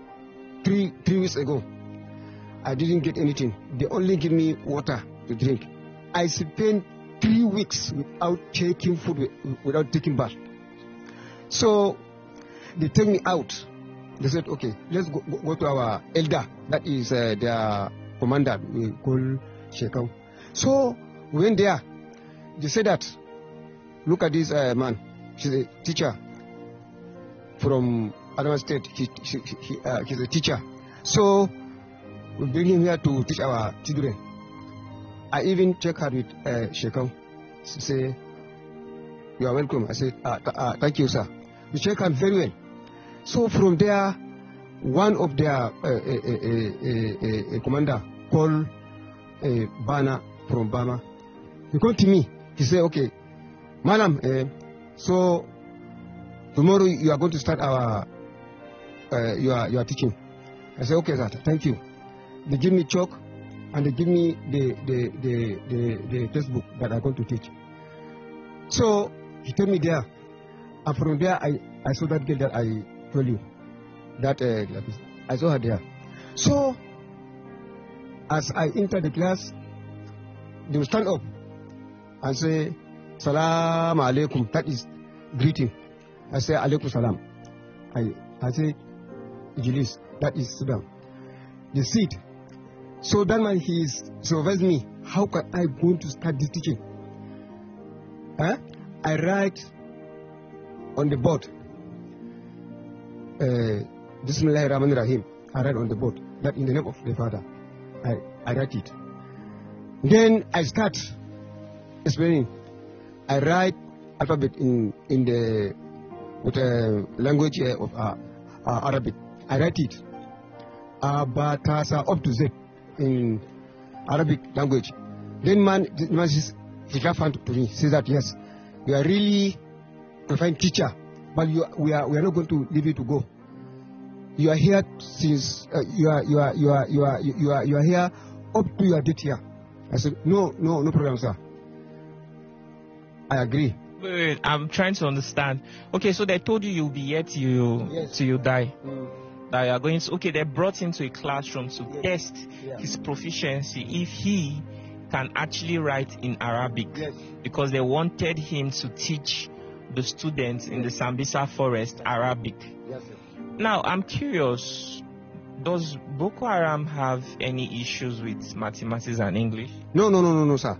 three, three weeks ago. I didn't get anything. They only give me water to drink. I spent three weeks without taking food, without taking bath. So they take me out. They said, okay, let's go, go, go to our elder. That is uh, their commander, we call Shekau. So we went there. They said that, look at this uh, man. She's a teacher from Adama State. He, she, he, uh, he's a teacher. So we bring him here to teach our children. I even check her with uh, Shekau. She say, you are welcome. I said, ah, th ah, thank you, sir. We check her very well. So from there, one of their uh, uh, uh, commander called Bana from Bama. He called to me. He said, okay, madam, so tomorrow you are going to start our your, your teaching. I said, okay, sir, thank you. They give me chalk and they give me the, the, the, the, the textbook that I go to teach. So he told me there. And from there, I, I saw that girl that I told you. That uh, I saw her there. So as I enter the class, they stand up and say, salaam alaikum. That is greeting. I say, alaikum salaam. I, I say, Ijilis. That is Sudan. The seat So that man, he is surveys me. How can I go to start this teaching? Huh? I write on the board. Uh, Rahman Rahim. I write on the board that in the name of the Father. I, I write it. Then I start explaining. I write alphabet in in the with the language uh, of uh, uh, Arabic. I write it. Abatasa up to Z in Arabic language. Then man, the man says, he found to me, says that yes, you are really a fine teacher, but you, we are we are not going to leave you to go. You are here since uh, you are you are you are you are you are you are here up to your date here. I said, no, no, no problem, sir. I agree. Wait, wait, I'm trying to understand. Okay, so they told you you'll be here till you yes. till you die. Mm that you are going to okay they brought him to a classroom to yes. test yeah. his proficiency if he can actually write in arabic yes. because they wanted him to teach the students in the sambisa forest arabic yes, now i'm curious does boko haram have any issues with mathematics and english no no no no no sir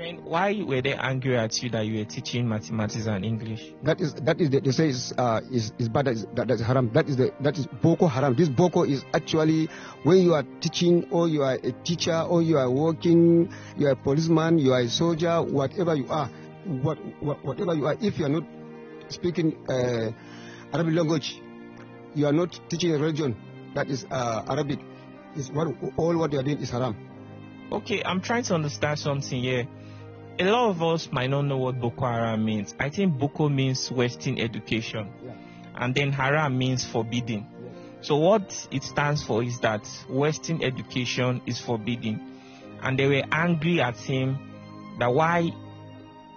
then why were they angry at you that you were teaching mathematics and English? That is that is the, they say is uh, is, is bad that is, that, that is haram. That is the that is boko haram. This boko is actually when you are teaching or you are a teacher or you are working, you are a policeman, you are a soldier, whatever you are, what, what whatever you are. If you are not speaking uh, Arabic language, you are not teaching a religion that is uh, Arabic. Is what all what you are doing is haram. Okay, I'm trying to understand something here a lot of us might not know what Boko Haram means. I think Boko means Western education, yeah. and then Haram means forbidden. Yeah. So what it stands for is that Western education is forbidden, and they were angry at him that why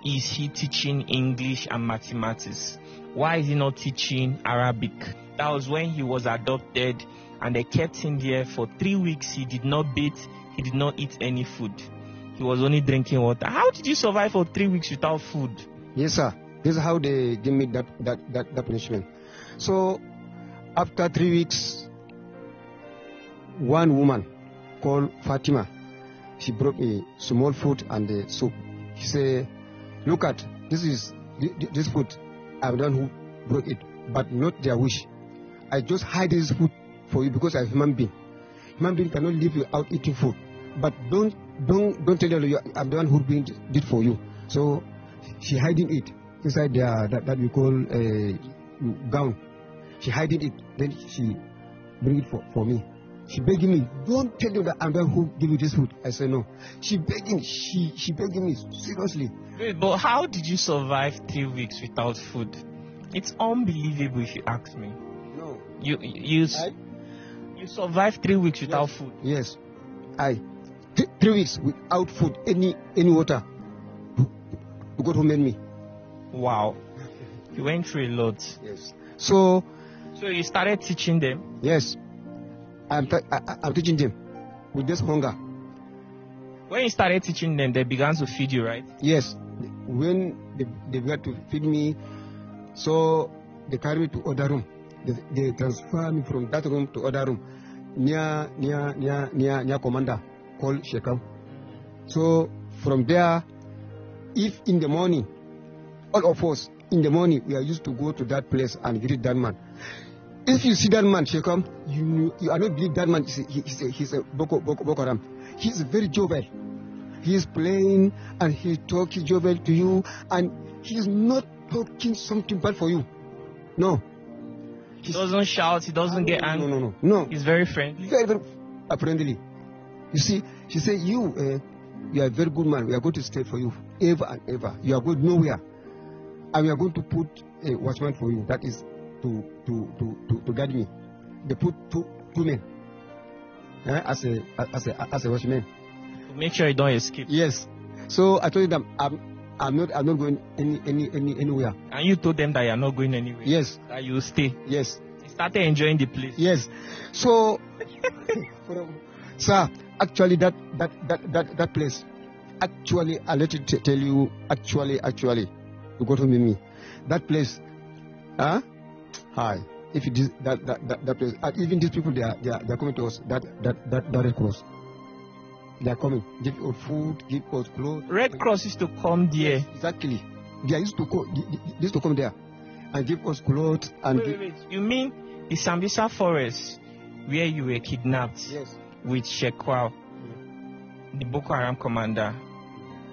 is he teaching English and mathematics? Why is he not teaching Arabic? That was when he was adopted, and they kept him there for three weeks. He did not bathe, he did not eat any food. He was only drinking water. How did you survive for three weeks without food? Yes, sir. This is how they give me that, that, that, that punishment. So after three weeks, one woman called Fatima, she brought me small food and the soup. She said, look at, this is this food. i don't know who brought it, but not their wish. I just hide this food for you because I'm a human being. Human being cannot live without eating food. But don't don't don't tell her I'm the one who did it for you. So she hiding it inside the, that, that we call a uh, gown. She hiding it. Then she bring it for, for me. She begging me, don't tell you that I'm the one who give you this food. I said no. She begging, she she begging me seriously. Wait, but how did you survive three weeks without food? It's unbelievable if you ask me. No. You you you, I, you survived three weeks without yes. food. Yes, I th- three weeks without food, any any water. God who made me. Wow. You went through a lot. Yes. So. So you started teaching them. Yes. I'm th- I- I'm teaching them with this hunger. When you started teaching them, they began to feed you, right? Yes. When they, they began to feed me, so they carried me to other room. They, they transfer me from that room to other room near near near near near commander. Shekam. So from there, if in the morning, all of us in the morning, we are used to go to that place and greet that man. If you see that man, Shekam, you, you are not believe that man is he's a, he's a Boko, Boko, Boko Haram. He's very jovial. He's playing and he talking jovial to you and he's not talking something bad for you. No. he doesn't shout, he doesn't get angry. No, no, no. no. He's very friendly. Very, very friendly. You see, she said, You, uh, you are a very good man. We are going to stay for you ever and ever. You are going nowhere. And we are going to put a watchman for you. That is to, to, to, to, to guard me. They put two, two men eh, as, a, as, a, as a watchman. To make sure you don't escape. Yes. So I told them, I'm, I'm not I'm not going any, any, any anywhere. And you told them that you are not going anywhere. Yes. That you stay. Yes. started enjoying the place. Yes. So, sir, actually that that that that, that place actually i let it tell you actually actually you go to me that place huh hi if it is that that, that, that place even these people they are, they are they are coming to us that that that, that red cross they are coming give us food give us clothes red cross is to come there yes, exactly they used to co- they used to come there and give us clothes and wait, wait, wait. you mean the sambisa forest where you were kidnapped yes with Shekwao, the Boko Haram commander.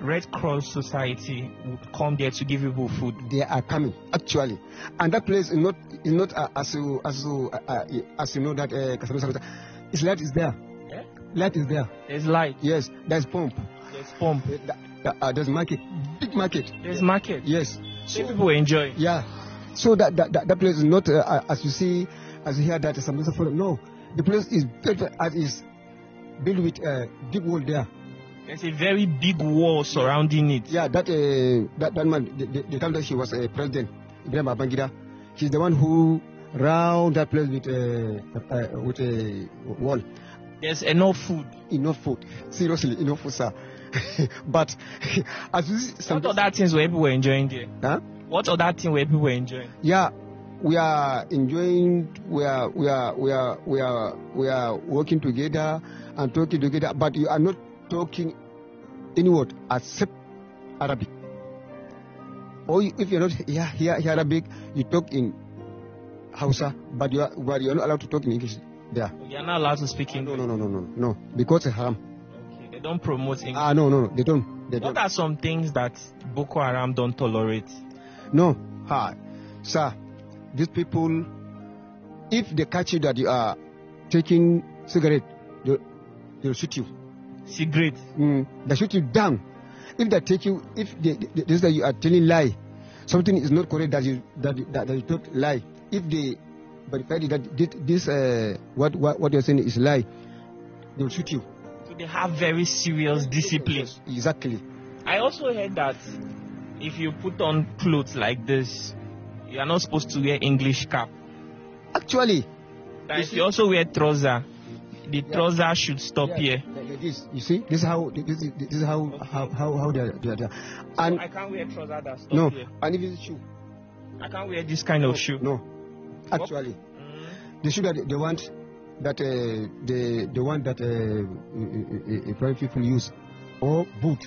Red Cross Society would come there to give people food. They are coming actually, and that place is not is not uh, as you as you uh, uh as you know that uh, It's light is there. Yeah? Light is there. There's light. Yes, there's pump. There's pump. Uh, uh, there's market, big market. There's market. Yes. So people enjoy. Yeah. So that that, that, that place is not uh, as you see, as you hear that No, the place is better as is built with a uh, big wall there. There's a very big wall surrounding it. Yeah, that uh, that, that man, the, the, the time that she was a uh, president, Ibrahim Babangida, she's the one who round that place with a uh, uh, with a wall. There's enough food. Enough food. Seriously, enough food, sir. but as you see, some what other things were people were enjoying there? Huh? What other thing were people were enjoying? Yeah, we are enjoying, we are, we are, we are, we are, we are working together and talking together, but you are not talking any word except Arabic. Or if you're not here, here, here Arabic, you talk in Hausa, but you are, but you are not allowed to talk in English there. You are not allowed to speak English. No, no, no, no, no, no, because it's haram. Okay, they don't promote English. Ah, no, no, no, they don't. They what don't. are some things that Boko Haram don't tolerate? No, ha, sir these people, if they catch you that you are taking cigarette, they'll, they'll shoot you. Cigarette? Mm, they shoot you down. If they take you, if they, they, they that you are telling lie, something is not correct that you that that, that you told lie. If they verify that this uh, what what what you're saying is lie, they'll shoot you. So they have very serious discipline. Yes, exactly. I also heard that if you put on clothes like this, you are not supposed to wear English cap. Actually, that if you also wear trouser, the yeah. trouser should stop yeah. here. Like this, you see, this is how this is, this is how, okay. how how how they are, they are, they are. And so I can't wear trouser that stop no, here. and if it's shoe, I can't wear this kind no, of shoe. No, oh. actually, mm. the shoe that they want that uh, the the one that uh, uh, uh, uh, private people use or boot.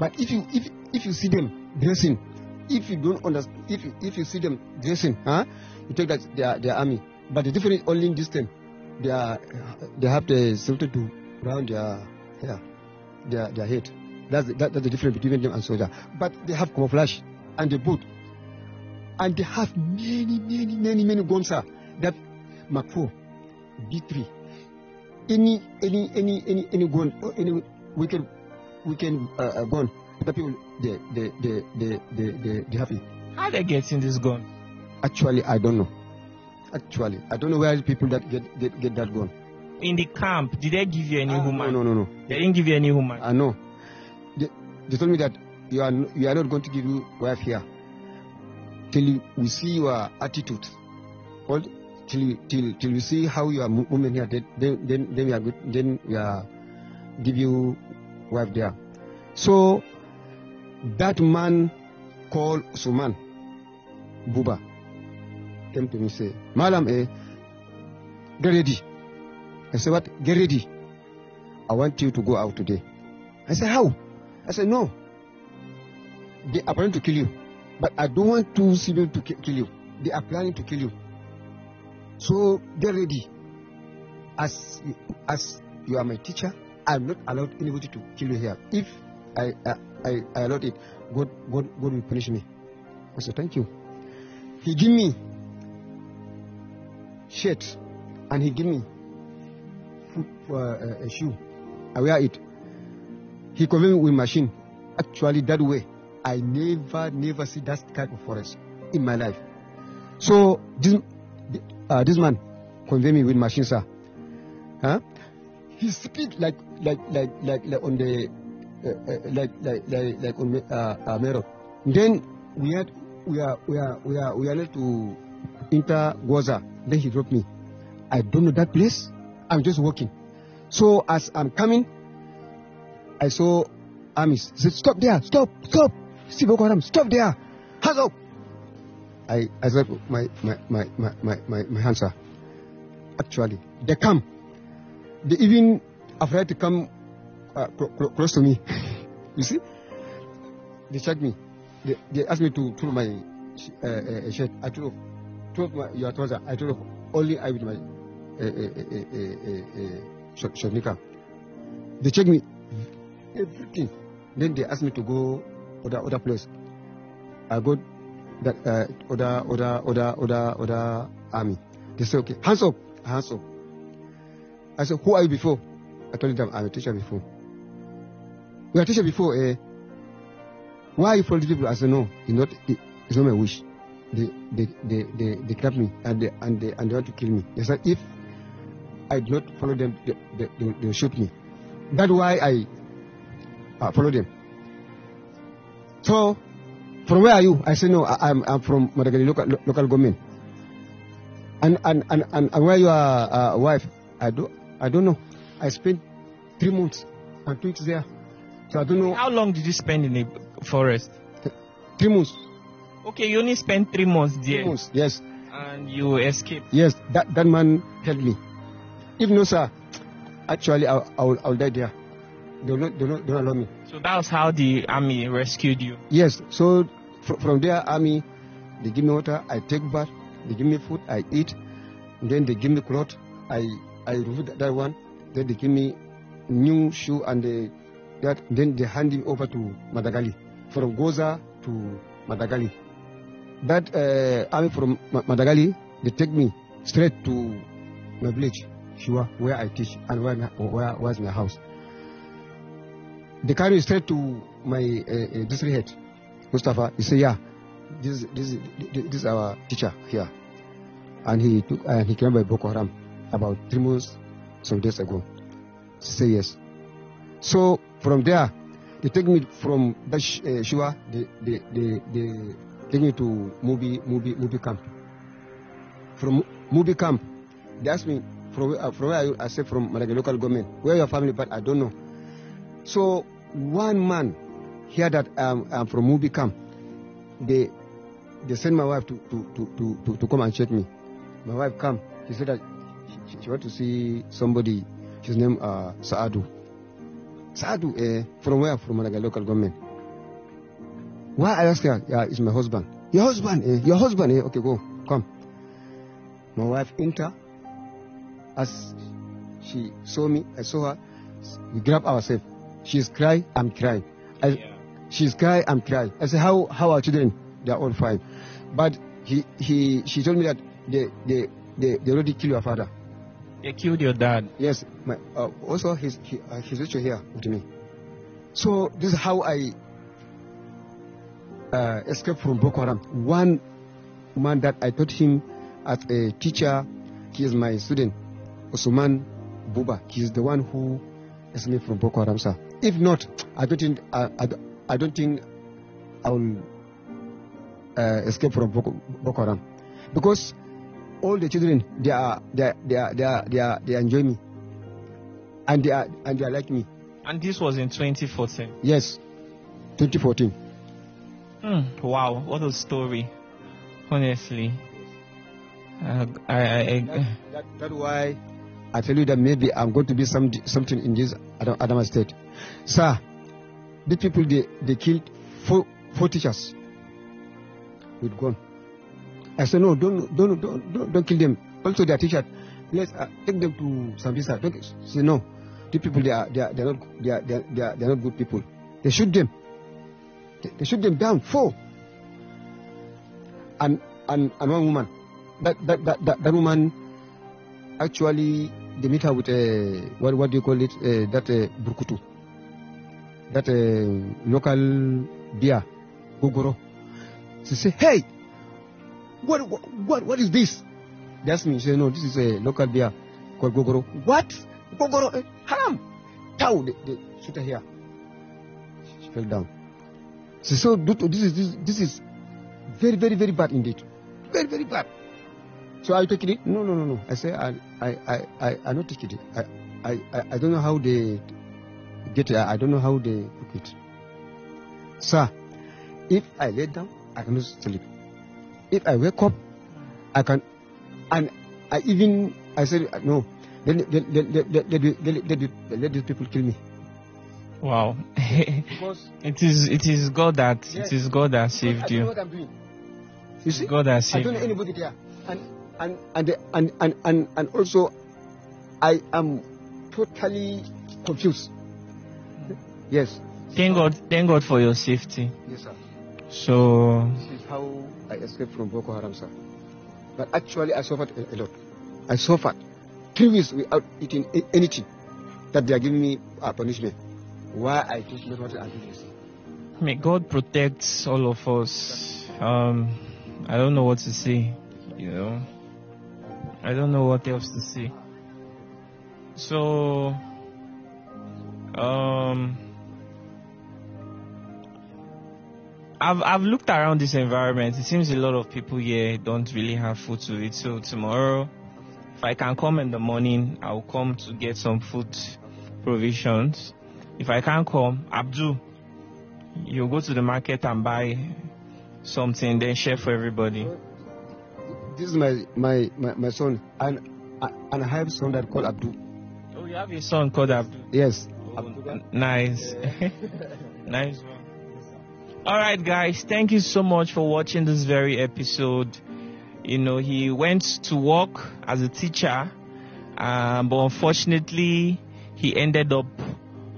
But if you if if you see them dressing if you don't understand, if you, if you see them dressing, huh, you take that they are, they are army. But the difference only in this time, they are they have the filter to round their hair, their their head. That's the, that, that's the difference between them and soldier. But they have camouflage and the boot, and they have many many many many guns. Sir, that Mark 4, B3, any any any any any gun, any we can we can uh, gun the people they they they they they, they, they have it. How they getting this gun? Actually, I don't know. Actually, I don't know where people that get get, get that gun. In the camp, did they give you any uh, No, no, no, no. They didn't give you any woman. I uh, know. They, they told me that you are you are not going to give you wife here till you, we see your attitude. All till till till we see how you are moving here. Then then then we are good. Then we are give you wife there. So that man called Suman Buba came to me and said, Malam, eh, get ready. I said, What? Get ready. I want you to go out today. I said, How? I said, No. They are planning to kill you. But I don't want two civilians to kill you. They are planning to kill you. So get ready. As, you, as you are my teacher, I'm not allowed anybody to kill you here. If I, uh, I, I allowed it. God, God, God will punish me. I said, Thank you. He gave me shirt and he gave me foot, uh, uh, a, shoe. I wear it. He covered me with machine. Actually, that way, I never, never see that kind of forest in my life. So this, uh, this man conveyed me with machine, sir. Huh? He speak like, like, like, like, like on the Eh, like like like, like on uh, uh, Then we had we are we are we are we are led to enter Gaza. Then he dropped me. I don't know that place. I'm just walking. So as I'm coming, I saw Amis He said, stop there, stop, stop. See Boko stop there. Hands up. I, I said, my, my, my, my, my, my, my hands are. Actually, they come. They even afraid to come uh, close to me. you see? They checked me. They, they asked me to throw my uh, uh, shirt. I threw off. Threw off my, your trouser. I threw off. Only I with my uh, uh, uh, uh, uh They checked me. Everything. Then they asked me to go other other place. I go that other other other other other army. They say okay, hands up, hands up. I said, who are you before? I told them I'm a teacher before. We are teaching before, eh? why you follow people? I said, no, it's not, it's not my wish. They, they, they, they, they kidnapped me and they, and, they, and they want to kill me. They said, if I do not follow them, they, they, they, will shoot me. That's why I uh, follow them. So, from where are you? I said, no, I, am I'm, I'm from Madagascar local, local government. And, and, and, and, where your uh, wife? I, do, I don't know. I spent three months and two weeks there. So I don't know. How long did you spend in the forest? Three months. Okay, you only spent three months there. Three months, yes. And you escaped. Yes, that, that man helped me. If no, sir, actually, I, I, will, I will die there. They not, they not, they not allow me. So that was how the army rescued you? Yes. So fr from there, army, they give me water, I take bath, they give me food, I eat. Then they give me cloth, I, I remove that one. Then they give me new shoe and the that then they hand him over to Madagali, from Goza to Madagali. That uh, army from Madagali, they take me straight to my village, Shua, where I teach and where, where was my house. They carry me straight to my uh, uh district head, Mustafa. He say, yeah, this, this, this is our teacher here. And he took, and he came by Boko Haram about three months, some days ago. He say, yes. So from there, they take me from that uh, Shiva, they, they, they, they take me to movie, movie, movie camp. From movie camp, they ask me, from, uh, from where are you? I said, from Malaga local government. Where your family part? I don't know. So one man here that I'm from movie camp, they, they sent my wife to, to, to, to, to, come and check me. My wife come. She said that she, she, she want to see somebody. His name uh, Saadu. Sadu, eh, from where? From like local government. Why I ask her? Yeah, it's my husband. Your husband, eh? Your husband, eh? Okay, go, come. My wife enter. As she saw me, I saw her. We grab ourselves. She's crying, I'm crying. I, yeah. She's crying, I'm crying. I said, how, how are children? They're all fine. But he, he, she told me that they, they, they, they already killed your father. They killed your dad. Yes. My, uh, also, he's he, uh, here with me. So this is how I uh, escaped from Boko Haram. One man that I taught him as a teacher, he is my student, Osman Buba. He is the one who escaped from Boko Haram, sir. If not, I don't think uh, I, I, I don't think I will uh, escape from Boko, Boko Haram because all the children they are they are, they are, they are, they are, they enjoy me and they are and they are like me and this was in 2014 yes 2014 mm, wow what a story honestly uh, I, I, I, that, that, that's why I tell you that maybe I'm going to be some something in this Adam state sir these people they, they killed four, four teachers with gun I said, no, don't, don't, don't, don't, don't kill them. Also, their teacher, let's uh, take them to visa. Don't say no. The people, they are, they are, they are not, they are, they are, they are, not good people. They shoot them. They, they shoot them down. Four. And and and one woman. That that that that, that woman. Actually, they meet her with a what what do you call it? A, that uh, burkutu. That a, local beer, gogoro. She say, hey. What, what, what is this? That's me. She said, no, this is a local beer called Gogoro. What? Gogoro? Uh, haram. Cow, the, the shooter here. She, fell down. She said, so this is, this, this is very, very, very bad indeed. Very, very bad. So I take it? No, no, no, no. I say, I, I, I, I, I not take it. I, I, I, I don't know how they get it. I don't know how they cook it. Sir, if I lay down, I cannot sleep if I wake up, I can, and I even, I said, no, then let, these people kill me. Wow. it is it is God that yes, it is God that saved you. what I'm doing. You see? God that saved I don't know anybody there. And and and and and, and, and also I am totally confused. Yes. Thank God thank God for your safety. Yes sir. So. This is how I escaped from Boko Haram, sir. But actually, I suffered a, lot. I suffered three weeks without eating anything that they are giving me a uh, punishment. Why I just not what I did this. May God protects all of us. Um, I don't know what to say, you know. I don't know what else to say. So, um, I've I've looked around this environment. It seems a lot of people here don't really have food to eat. So tomorrow, if I can come in the morning, I'll come to get some food provisions. If I can't come, Abdul, you go to the market and buy something, then share for everybody. This is my my my, my son, and and I have a son that called Abdul. Oh, you have a son called Abdul. Yes. Oh, Abdul. Nice, nice. All right, guys, thank you so much for watching this very episode. You know, he went to work as a teacher, um, but unfortunately, he ended up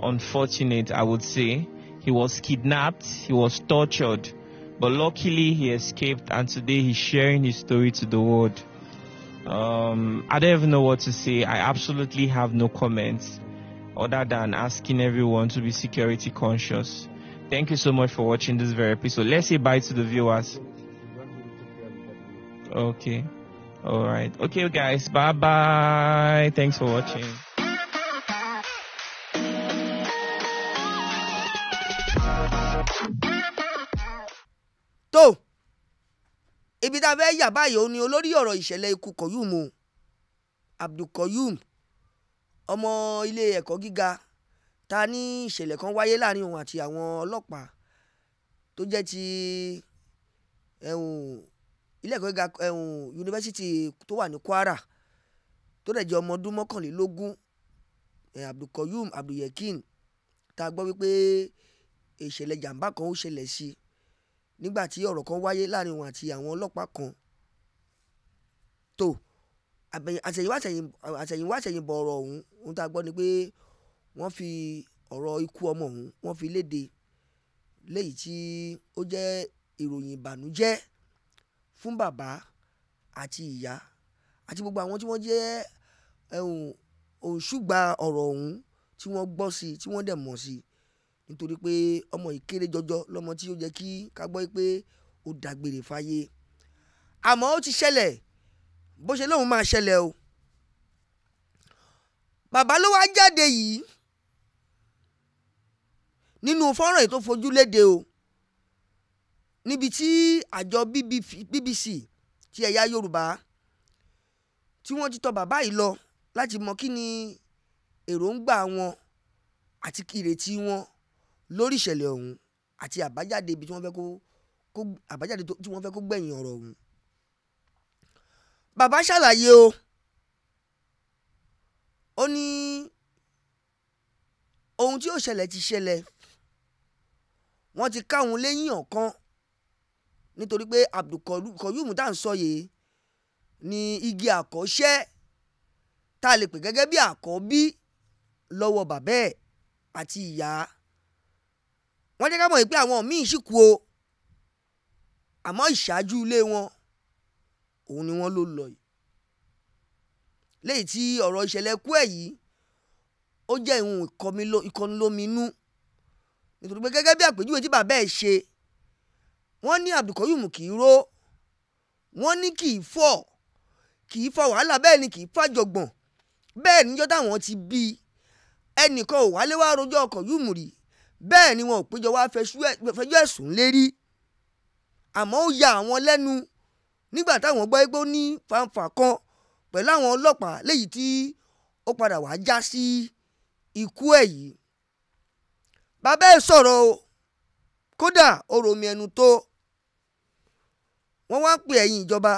unfortunate, I would say. He was kidnapped, he was tortured, but luckily he escaped, and today he's sharing his story to the world. Um, I don't even know what to say. I absolutely have no comments other than asking everyone to be security conscious Thank you so much for watching this very episode. Let's say bye to the viewers. Okay. All right. Okay, guys. Bye bye. Thanks for watching. tó ibi tá a fẹ́ yà báyìí ó ní olórí ọ̀rọ̀ ìṣẹ̀lẹ̀ ikú Koyum o Koyum ọmọ ilé ẹ̀kọ́ gíga ta ní ìṣẹ̀lẹ̀ kan wáyé láàrin òun àti àwọn ọlọ́pàá tó jẹ́ ti ilé ẹ̀kọ́ gíga yunifásitì tó wà ní Kwara tó dẹ̀ jẹ́ ọmọ ọdún mọ́kànlélógún Abdulkoyum Abdulyekin ta gbọ́ wípé ìṣẹ̀lẹ̀ jàǹbá kan ó ṣẹlẹ̀ sí nígbà tí ọ̀rọ̀ kan wáyé láàrin òun àti àwọn ọlọ́pàá kan tó àtẹ̀yìnwá àtẹ̀yìnbọ̀ ọ̀rọ̀ ọ̀hún ohun tá a gbọ́ ni pé wọ́n fi ọ̀rọ̀ ikú ọmọ ọ̀hún wọ́n fi léde léyìí tí ó jẹ́ ìròyìn ìbànújẹ́ fún bàbá àti ìyá àti gbogbo àwọn tí wọ́n jẹ́ òǹṣùgbà ọ̀rọ̀ ọ̀hún tí wọ́n gbọ́ sí tí wọ́n dẹ̀ mọ̀ sí nítorí pé ọmọ yìí kéré jọjọ lọ́mọ tí ó jẹ́ kí ká gbọ́ pé ó dágbére fáyé àmọ́ ó ti ṣẹlẹ̀ bó ṣe lóun máa ṣẹlẹ̀ o bàbá ló wá jáde yìí nínú fọ́nrán èyí tó fojú léde o níbi tí àjọ BBC ti ẹ̀yà Yorùbá tí wọ́n ti tọ bàbá yìí lọ láti mọ kí ni èròǹgbà wọn àti ìrètí wọn lórí ìṣẹ̀lẹ̀ ọ̀hún àti àbájáde ibi tí wọ́n fẹ́ kó kó àbájáde tí wọ́n fẹ́ kó gbẹ̀yìn ọ̀rọ̀ ọ̀hún. bàbá ṣàlàyé o ó ní ohun tí ó ṣẹlẹ̀ ti ṣẹlẹ̀ wọ́n ti káwọn lẹ́yìn ọ̀kan nítorí pé Abdulkoyum tá à ń sọ yìí ni igi àkọ́ṣẹ́ tá a lè pè gẹ́gẹ́ bí àkọ́bí lọ́wọ́ bàbá ẹ̀ àti ìyá wọ́n jẹ́ ká mọ̀ pé àwọn míì sì kú o àmọ́ ìṣáájú ilé wọn òun ni wọ́n ló lọ yìí léyìí tí ọ̀rọ̀ ìṣẹ̀lẹ̀ kú ẹ̀ yìí ó jẹ́ ìhun ìkọnilóminú nítorí pé gẹ́gẹ́ bí àpèjúwe tí bàbá ẹ̀ ṣe wọ́n ní Abdulkoyum kì í ró wọ́n ní kì í fọ́ kì í fa wàhálà bẹ́ẹ̀ ni kì í fàjọgbọ̀n bẹ́ẹ̀ níjọ́ táwọn ti bí ẹnìkan ò wálé wá rojọ́ Koyum rí bẹ́ẹ̀ ni wọn ò péjọ wá fẹjọ́ ẹ̀sùn lérí àmọ́ ó ya àwọn lẹ́nu nígbà táwọn gbọ́ pé ó ní fanfa kan pẹ̀lú àwọn ọlọ́pàá léyìí tí ó padà wá já sí ikú ẹ̀ yìí bàbá ẹ̀ sọ̀rọ̀ o kódà orò mi ẹnu tó wọ́n wá pè ẹ̀yìn ìjọba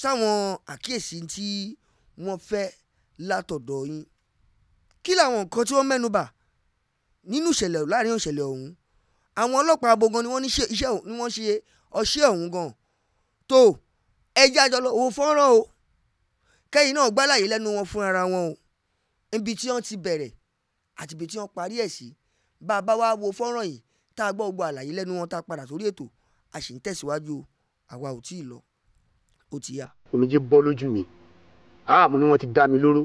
sáwọn àkíyèsí tí wọ́n fẹ́ látọ̀dọ̀ yín kí làwọn nǹkan tí wọ́n mẹ́nubà nínú ìṣẹ̀lẹ̀ láàrin ìṣẹ̀lẹ̀ ọ̀hún àwọn ọlọ́pàá abogan ni wọ́n ni wọ́n ṣe ọṣẹ́ ọ̀hún gan tó ẹjẹ́ àjọlọ òun fọ́nrán o kẹ́yìn náà gbálàyé lẹ́nu wọn fún ara wọn o ibi tí wọ́n ti bẹ̀rẹ̀ àti ibi tí wọ́n parí ẹ̀ sí bá a bá wá wo fọ́nrán yìí tá a gbọ́ gbogbo àlàyé lẹ́nu wọn tá a padà sórí ètò a sì ń tẹ̀síwájú àwa ò tí ì lọ ó ti yá. omijé bọ́ lójú mi àmú ah, ni wọ́n ti dá mi lóró.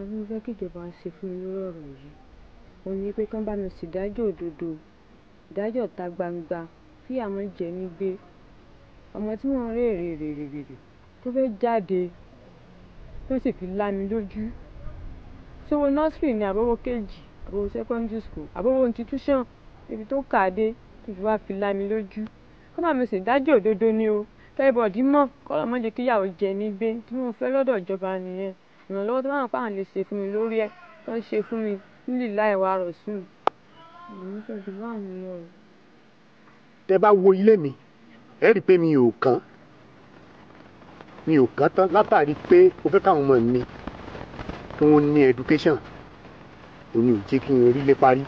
àwọn fẹ́ kíjọba ṣe fún mi lórí ọ̀rọ̀ yìí òun ni pé kán bá mi ṣèdájọ́ òdodo ìdájọ́ ìta gbangba, fìyà máa jẹ mí gbé. Ọmọ tí wọ́n ń rè rèrèrèrè tó fẹ́ jáde tó sì fi lá mi lójú. Sówó nursery ni àbówó KG, àbówó secondary school, àbówó institution níbi tó kà á dé tó fi wá fi lá mi lójú. K'Ọlọ́run bá mi ṣèdájọ́ òdodo ni o, k'everybody mọ̀, k'Ọlọ́run má jẹ́ kíyà ó jẹ mí gbé. Ohun tí mo fẹ́ lọ́dọ̀ ìjọba nìyẹn. Ìrànlọ́wọ́ tó bá hàn pé lè ṣe fún mi lórí ẹ̀, kí wọ́n ṣe fún mi. Lillahi wa Rasul tẹ bá wo ilé mi ẹ rí i pé mi ò kàn mi ò kàn tán látàrí pé o fẹ́ káwọn ọmọ mi kí wọ́n ní education èmi ò jẹ́ kí n rí lé parí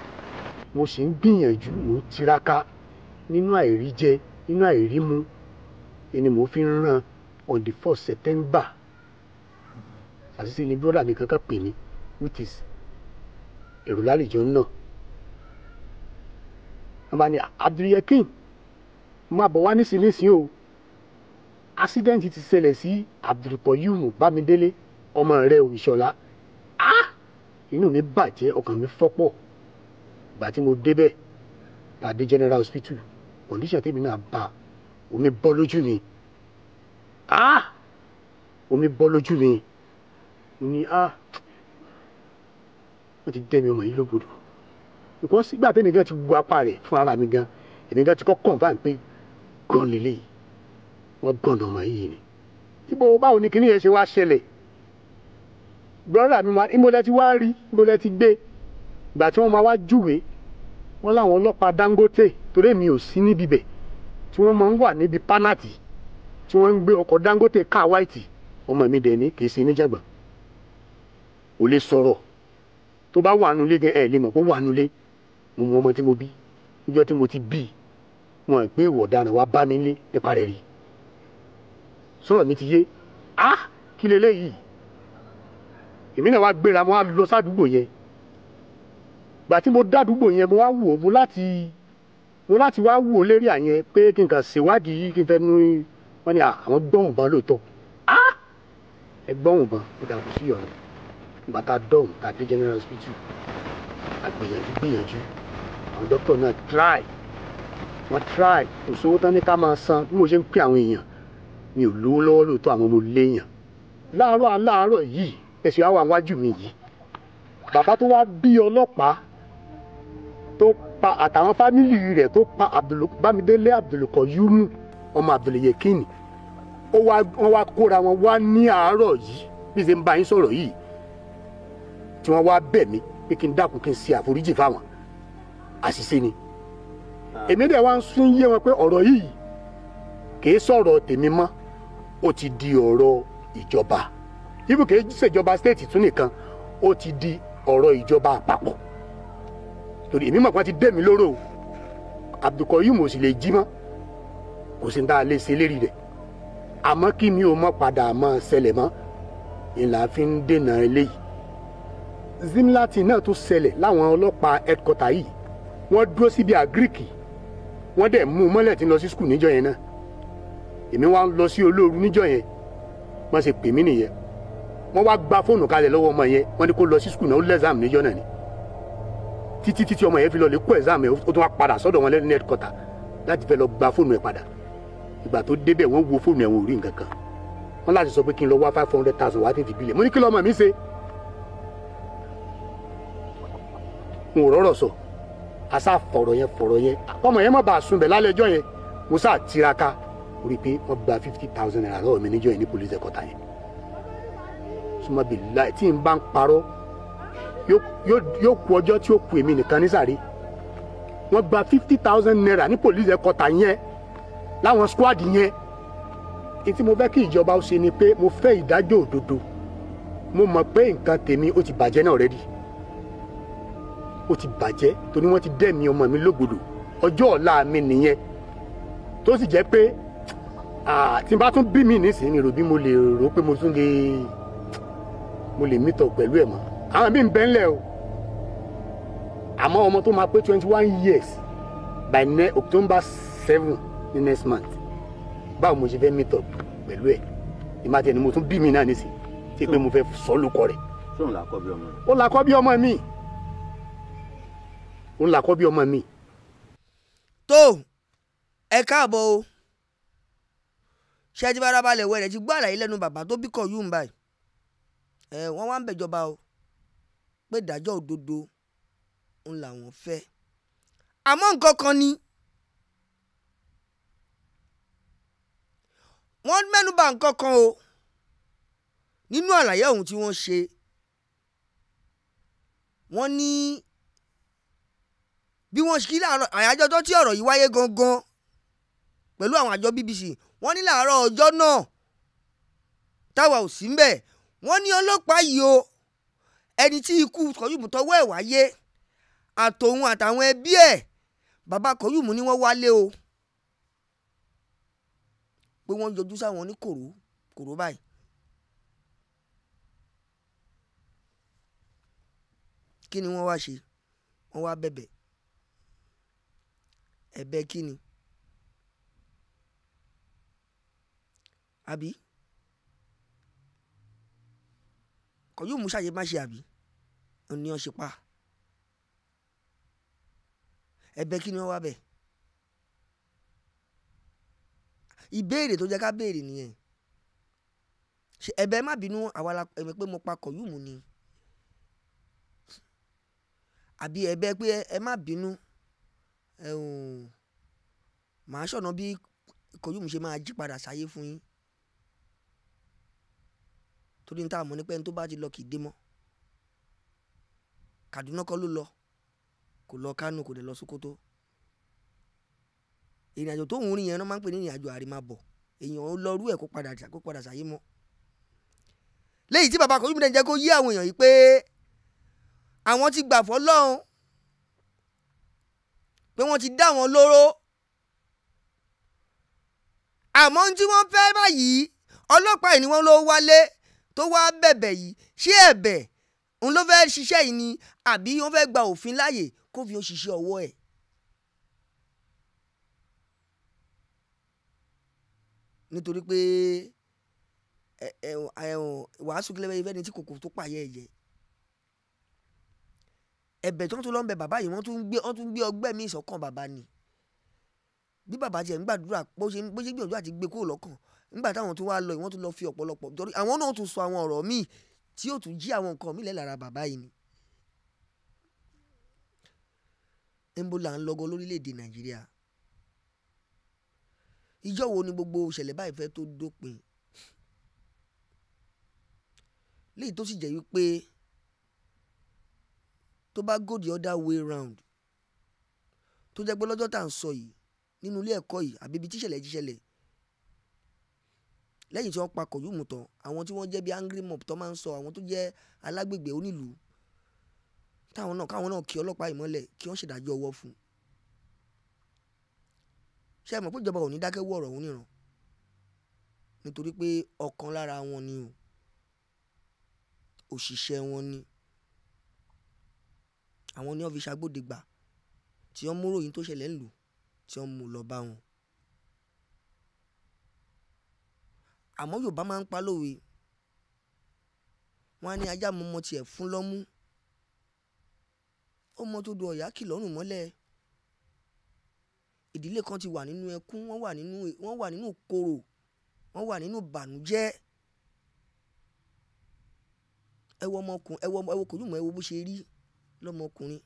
mo sì ń gbìyànjú mò ń tiraka nínú àìríjẹ nínú àìrímu ẹni mò ń fi ràn on the first September àṣìṣe ni brọ́dà mi kankan pè mí which is èrò lálejò náà ọba ni Abdulyakin máa bọ̀ wá nísinsìnyí o accident ti ṣẹlẹ̀ sí Abdulkoyum Bámidélé ọmọ rẹ Òyìṣọ́lá inú mi bàjẹ́ ọkàn mi fọ́pọ̀ ìgbà tí mo débẹ̀ pàdé general hospital condition tèmi náà bá omi bọ́ lójú mi omi bọ́ lójú mi mo wọ́n ti dẹ́ ọmọ yìí lógbòdò because ìgbà tẹ́ni gan ti gu apá rẹ̀ fún ara mi gan èmi gan ti kọ́ confirm pé gan lélẹ̀ wọ́n gbọ́n ọmọ yìí ni ibo báwo ni kíní yẹn ṣe wá ṣẹlẹ̀ brọ́dà mi máa ìmọ̀lẹ ti wá rí ìmọ̀lẹ ti gbé ìgbà tí wọ́n máa wá júwe wọ́n láwọn ọlọ́pàá Dangote torí èmi ò sí níbi bẹ̀ tí wọ́n máa ń wà níbi pánàtì tí wọ́n ń gbé ọkọ̀ Dangote car white ọmọ mi dẹ̀ ní kì í sin níjàgbọ́n ò lè sọ̀rọ̀ tó bá wà nulẹ̀ gan ẹ̀ lè mọ̀ pé wà nulẹ̀ mo mọ ọmọ tí mo bí níjọ́ tí mo ti bí mo hàn pé ìwọ ọ̀daràn wa bá mi lé nípa rẹ̀ rí sọ̀rọ̀ mi ti yé a ah! kí leléyìí èmi náà wá gbéra mo wá lọ sádùúgbò yẹn gbà tí mo dádùúgbò yẹn mo wá wò ó mo láti mo láti wá wò ó lérí àyẹn pé kí n kàn ṣèwádìí yìí kí n fẹ́ nu wọn ni àwọn gbọ́hùn bọ́n lóòótọ́ a ah! ẹ gbọ́hùn bọ́n kó dà kó sí ọ̀rọ̀ bàtà dọ́hùn tàbí general hospital àgbèyànjú gbìyànjú àwọn dókítà náà try wọ́n try kò sówó tán ní ká máa san bí mo ṣe ń pè àwọn èèyàn mi ò lówó lọ́wọ́ lóòótọ́ àwọn ọmọ léèyàn láàárọ̀ aláàárọ̀ yìí ẹ̀sìn àwọn àwájú mi yìí bàbá tó wá bí ọlọ́pàá tó pa àtàwọn fámìlì rẹ̀ tó pa bámidélé abdulkoyumu ọmọ abdulyekin wọ́n wá kóra wọn wá ní àárọ̀ yìí bí ṣe ń bá yín sọ̀rọ̀ yìí tí wọ́n wá bẹ̀ mí pé kí n dákun kí n ṣe àforíjì fáwọn àṣìṣe ni ah. èmi dẹ̀ wá ń sún yé wọn pé ọ̀rọ̀ yìí kì í sọ̀rọ̀ tèmi mọ́ ó ti di ọ̀rọ̀ ìjọba ibi kì í ṣèjọba stéètì tún nìkan ó ti di ọ̀rọ̀ ìjọba àpapọ̀ torí èmi mọ̀ pé wọ́n ti dẹ̀ mí lóró o Abdulkoyum ò sì lè jí mọ́ kò sí ní tá a lè ṣe lérí rẹ̀ àmọ́ kí mi ò mọ̀ padà mọ́ ṣẹlẹ̀ mọ́ ìlà fi ń dènà eléyìí zimlati náà tún ṣẹlẹ̀ láwọn ọlọ́pàá ẹ̀kọ́tà yìí wọ́n dúró síbi àgíríkì wọ́n dẹ̀ mú un mọ́lẹ̀ tí ń lọ sí skul níjọ́ yẹn náà èmi wá ń lọ sí olóoru níjọ́ yẹn wọ́n ṣe pè mí nìyẹn wọ́n wá gba fóònù kalẹ̀ lọ́wọ́ ọmọ yẹn wọ́n ní kó lọ sí skul náà ó lẹ́sàm níjọ́ náà ni títí títí ọmọ yẹn fi lọ lè kó ẹ̀sàm yẹn ó tún wá padà sọ́dọ̀ wọn lẹ́nu nẹ́ẹ̀kọ́tà láti fẹ́ lọ gba fóònù ẹ̀ padà ìgbà tó débẹ̀ wọ́n wo fóònù ẹ̀ wọn àṣà fọ̀rọ̀ yẹn fọ̀rọ̀ yẹn ọmọ yẹn má bàa sunbẹ̀ lálẹ́jọ́ yẹn musa tiraka ó rí i pé wọ́n gba fifty thousand naira lọ́wọ́ mi níjọ́ yẹn ní police ẹ̀kọ́ta yẹn súnmọ́ bíi láì tí n bá ń parọ́ yóò kú ọjọ́ tí ó kú èmi nìkan ní sàrí gba fifty thousand naira ní police ẹ̀kọ́ta yẹn láwọn squad yẹn ní tí mo fẹ́ kí ìjọba ó ṣe ni pé mo fẹ́ ìdájọ́ òdodo mo mọ̀ pé nǹkan tèmi ó ti bàjẹ́ náà rẹ́dí ó ti bàjẹ́ torí wọ́n ti dẹ́mi ọmọ mi lógbòdò ọjọ́ ọ̀la mi nìyẹn tó sì jẹ́ pé tí n bá tún bí mi nísìnyí rò bí mo lè rò pé mo tún lè mo lè mítọ̀ pẹ̀lú ẹ̀ mọ́ àwọn bí n bẹ́ ńlẹ̀ o àmọ́ ọmọ tó máa pé twenty one years by ne October seven ní next month báwo mo ṣe fẹ́ mítọ̀ pẹ̀lú ẹ̀ ìmọ̀tẹ́ni mo tún bí mi náà nísìnyí tí pé mo fẹ́ sọ́ lóko rẹ̀. sóun làkọ́ bí rẹ̀. ó làkọ́ bí ọmọ mi òun làkọ́ bí ọmọ mi. tó ẹ káàbọ̀ o ṣé ẹ ti fara balẹ̀ wẹ̀rẹ̀ ti gbọ́ àlàyé lẹ́nu bàbá tó bí kọ̀ yún báyìí ẹ wọ́n wá ń bẹ̀jọba o pé ìdájọ́ òdodo ń làwọn fẹ́ àmọ́ nǹkan kan ni wọ́n mẹ́nuba nǹkan kan o nínú àlàyé ọ̀hún tí wọ́n ṣe wọ́n ní. Ni bí wọ́n ṣí láàárọ̀ àyájọ́ ọjọ́ tí ọ̀rọ̀ yìí wáyé gangan pẹ̀lú àwọn àjọ BBC wọ́n ní láàárọ̀ ọjọ́ náà táwa ò sí mbẹ̀ wọ́n ní ọlọ́pàá yìí o ẹni tí ikú Koyumu tọwọ́ ẹ̀ wáyé àtòun àtàwọn ẹbí ẹ̀ bàbá Koyumu ni wọ́n wálé o pé wọ́n yọjú sáwọn ní kòró kòró báyìí. kí ni wọ́n wá ṣe wọ́n wá bẹ̀bẹ̀ ẹ̀bẹ̀ kí ni? Àbí? Kọ̀yúmù ṣàṣemáṣe àbí? ni wọ́n ṣe pa. Ẹ̀bẹ̀ kí ni wọ́n wá bẹ̀? Ìbéèrè tó jẹ́ ká béèrè nìyẹn. Ṣé ẹ̀bẹ̀ má bínú àwa la ẹ̀bẹ̀ pé mo pa Kọ̀yúmù ni? Àbí ẹ̀bẹ̀ pé ẹ má bínú? màá ṣọ̀nà bí Koyum ṣe máa jí padà sáyé fún yín torí níta àmọ́ nípa ẹni tó bá ti lọ kì í dé mọ́ Kaduna kọ́ ló lọ kò lọ Kánò kò dẹ̀ lọ Sokoto ìrìnàjò tó ń rìn yẹn máa ń pè ní ìrìnàjò àrèmábọ̀ èèyàn lọ́rú ẹ̀ kó padà kó padà sáyé mọ́ léyìí tí bàbá Koyum dẹ̀ jẹ́ kó yí àwọn èèyàn yìí pé àwọn ti gbà fọ́ lọ́hùn pé wọ́n ti dá wọn lóró àmọ́ tí wọ́n fẹ́ báyìí ọlọ́pàá yìí ni wọ́n ló wálé tó wá bẹ̀bẹ̀ yìí ṣé ẹ̀bẹ̀ òun ló fẹ́ẹ́ ṣiṣẹ́ yìí ni àbí wọ́n fẹ́ẹ́ gba òfin láàyè kó fi òṣìṣẹ́ ọwọ́ ẹ̀. nítorí pé wàásù kílẹ̀ bẹ́ẹ̀ ìfẹ́ ni tí kòkò tó pààyẹ́ ẹ̀yẹ ẹ̀bẹ̀ tó ń tún lọ ń bẹ bàbá yìí wọ́n tún gbé wọ́n tún gbé ọgbẹ́ mi ìṣọ̀kan bàbá ni bí bàbá tiẹ̀ ń gbàdúrà bó ṣe bó ṣe gbìyànjú àti gbé kúrò lọ́kàn nígbà táwọn tó wá lọ yìí wọ́n tún lọ fi ọ̀pọ̀lọpọ̀ torí àwọn náà tún sọ àwọn ọ̀rọ̀ míì tí yóò tún jí àwọn nǹkan míì lẹ́lára bàbá yìí ni. níbo là ń lọgọ lórílẹ̀‐èdè nàìjíríà ìjọ wo ni gbogbo ìṣẹ̀lẹ̀ báyìí fẹ́ tó dópin léyìí tó sì jẹ́ wípé tó bá go the other way round tó jẹ́ pé lọ́jọ́ tá à ń sọ yìí nínú ilé ẹ̀kọ́ yìí àbí ibi tíṣẹ̀lẹ̀ tíṣẹ̀lẹ̀ lẹ́yìn tí wọ́n pa Koyumu tán àwọn tí wọ́n jẹ́ bíi angry mob tó máa ń sọ àwọn tó jẹ́ alágbègbè onílùú táwọn náà káwọn náà kí ọlọ́pàá ìmọ́lẹ̀ kí wọ́n ṣèdájọ́ ọwọ́ fún un ṣé ẹ mọ̀ pé ìjọba ò ní dákẹ́ wọ̀ ọ̀rọ̀ òun níran nítorí pé ọ̀kan lára wọn ni o òṣìṣẹ́ wọn ni àwọn ni wọ́n fi ṣàgbọ́dẹ̀gbà tí wọ́n mú ròyìn tó ṣẹlẹ̀ ńlù tí wọ́n mú lọ bá wọn. àmọ́ Yorùbá máa ń pa lówe wọ́n á ní ajá mọmọ tiẹ̀ fún lọ́mú ọmọ tó do ọ̀yá kì lọ́rùn mọ́lẹ̀ ìdílé kan ti wà nínú ẹkún wọ́n wà nínú wọ́n wà nínú korò wọ́n wà nínú bànújẹ́ ẹ wo ọmọkùn ẹ wo ọmọ ẹ wo kòjúmọ́ ẹ wo bó ṣe rí lọ́mọkùnrin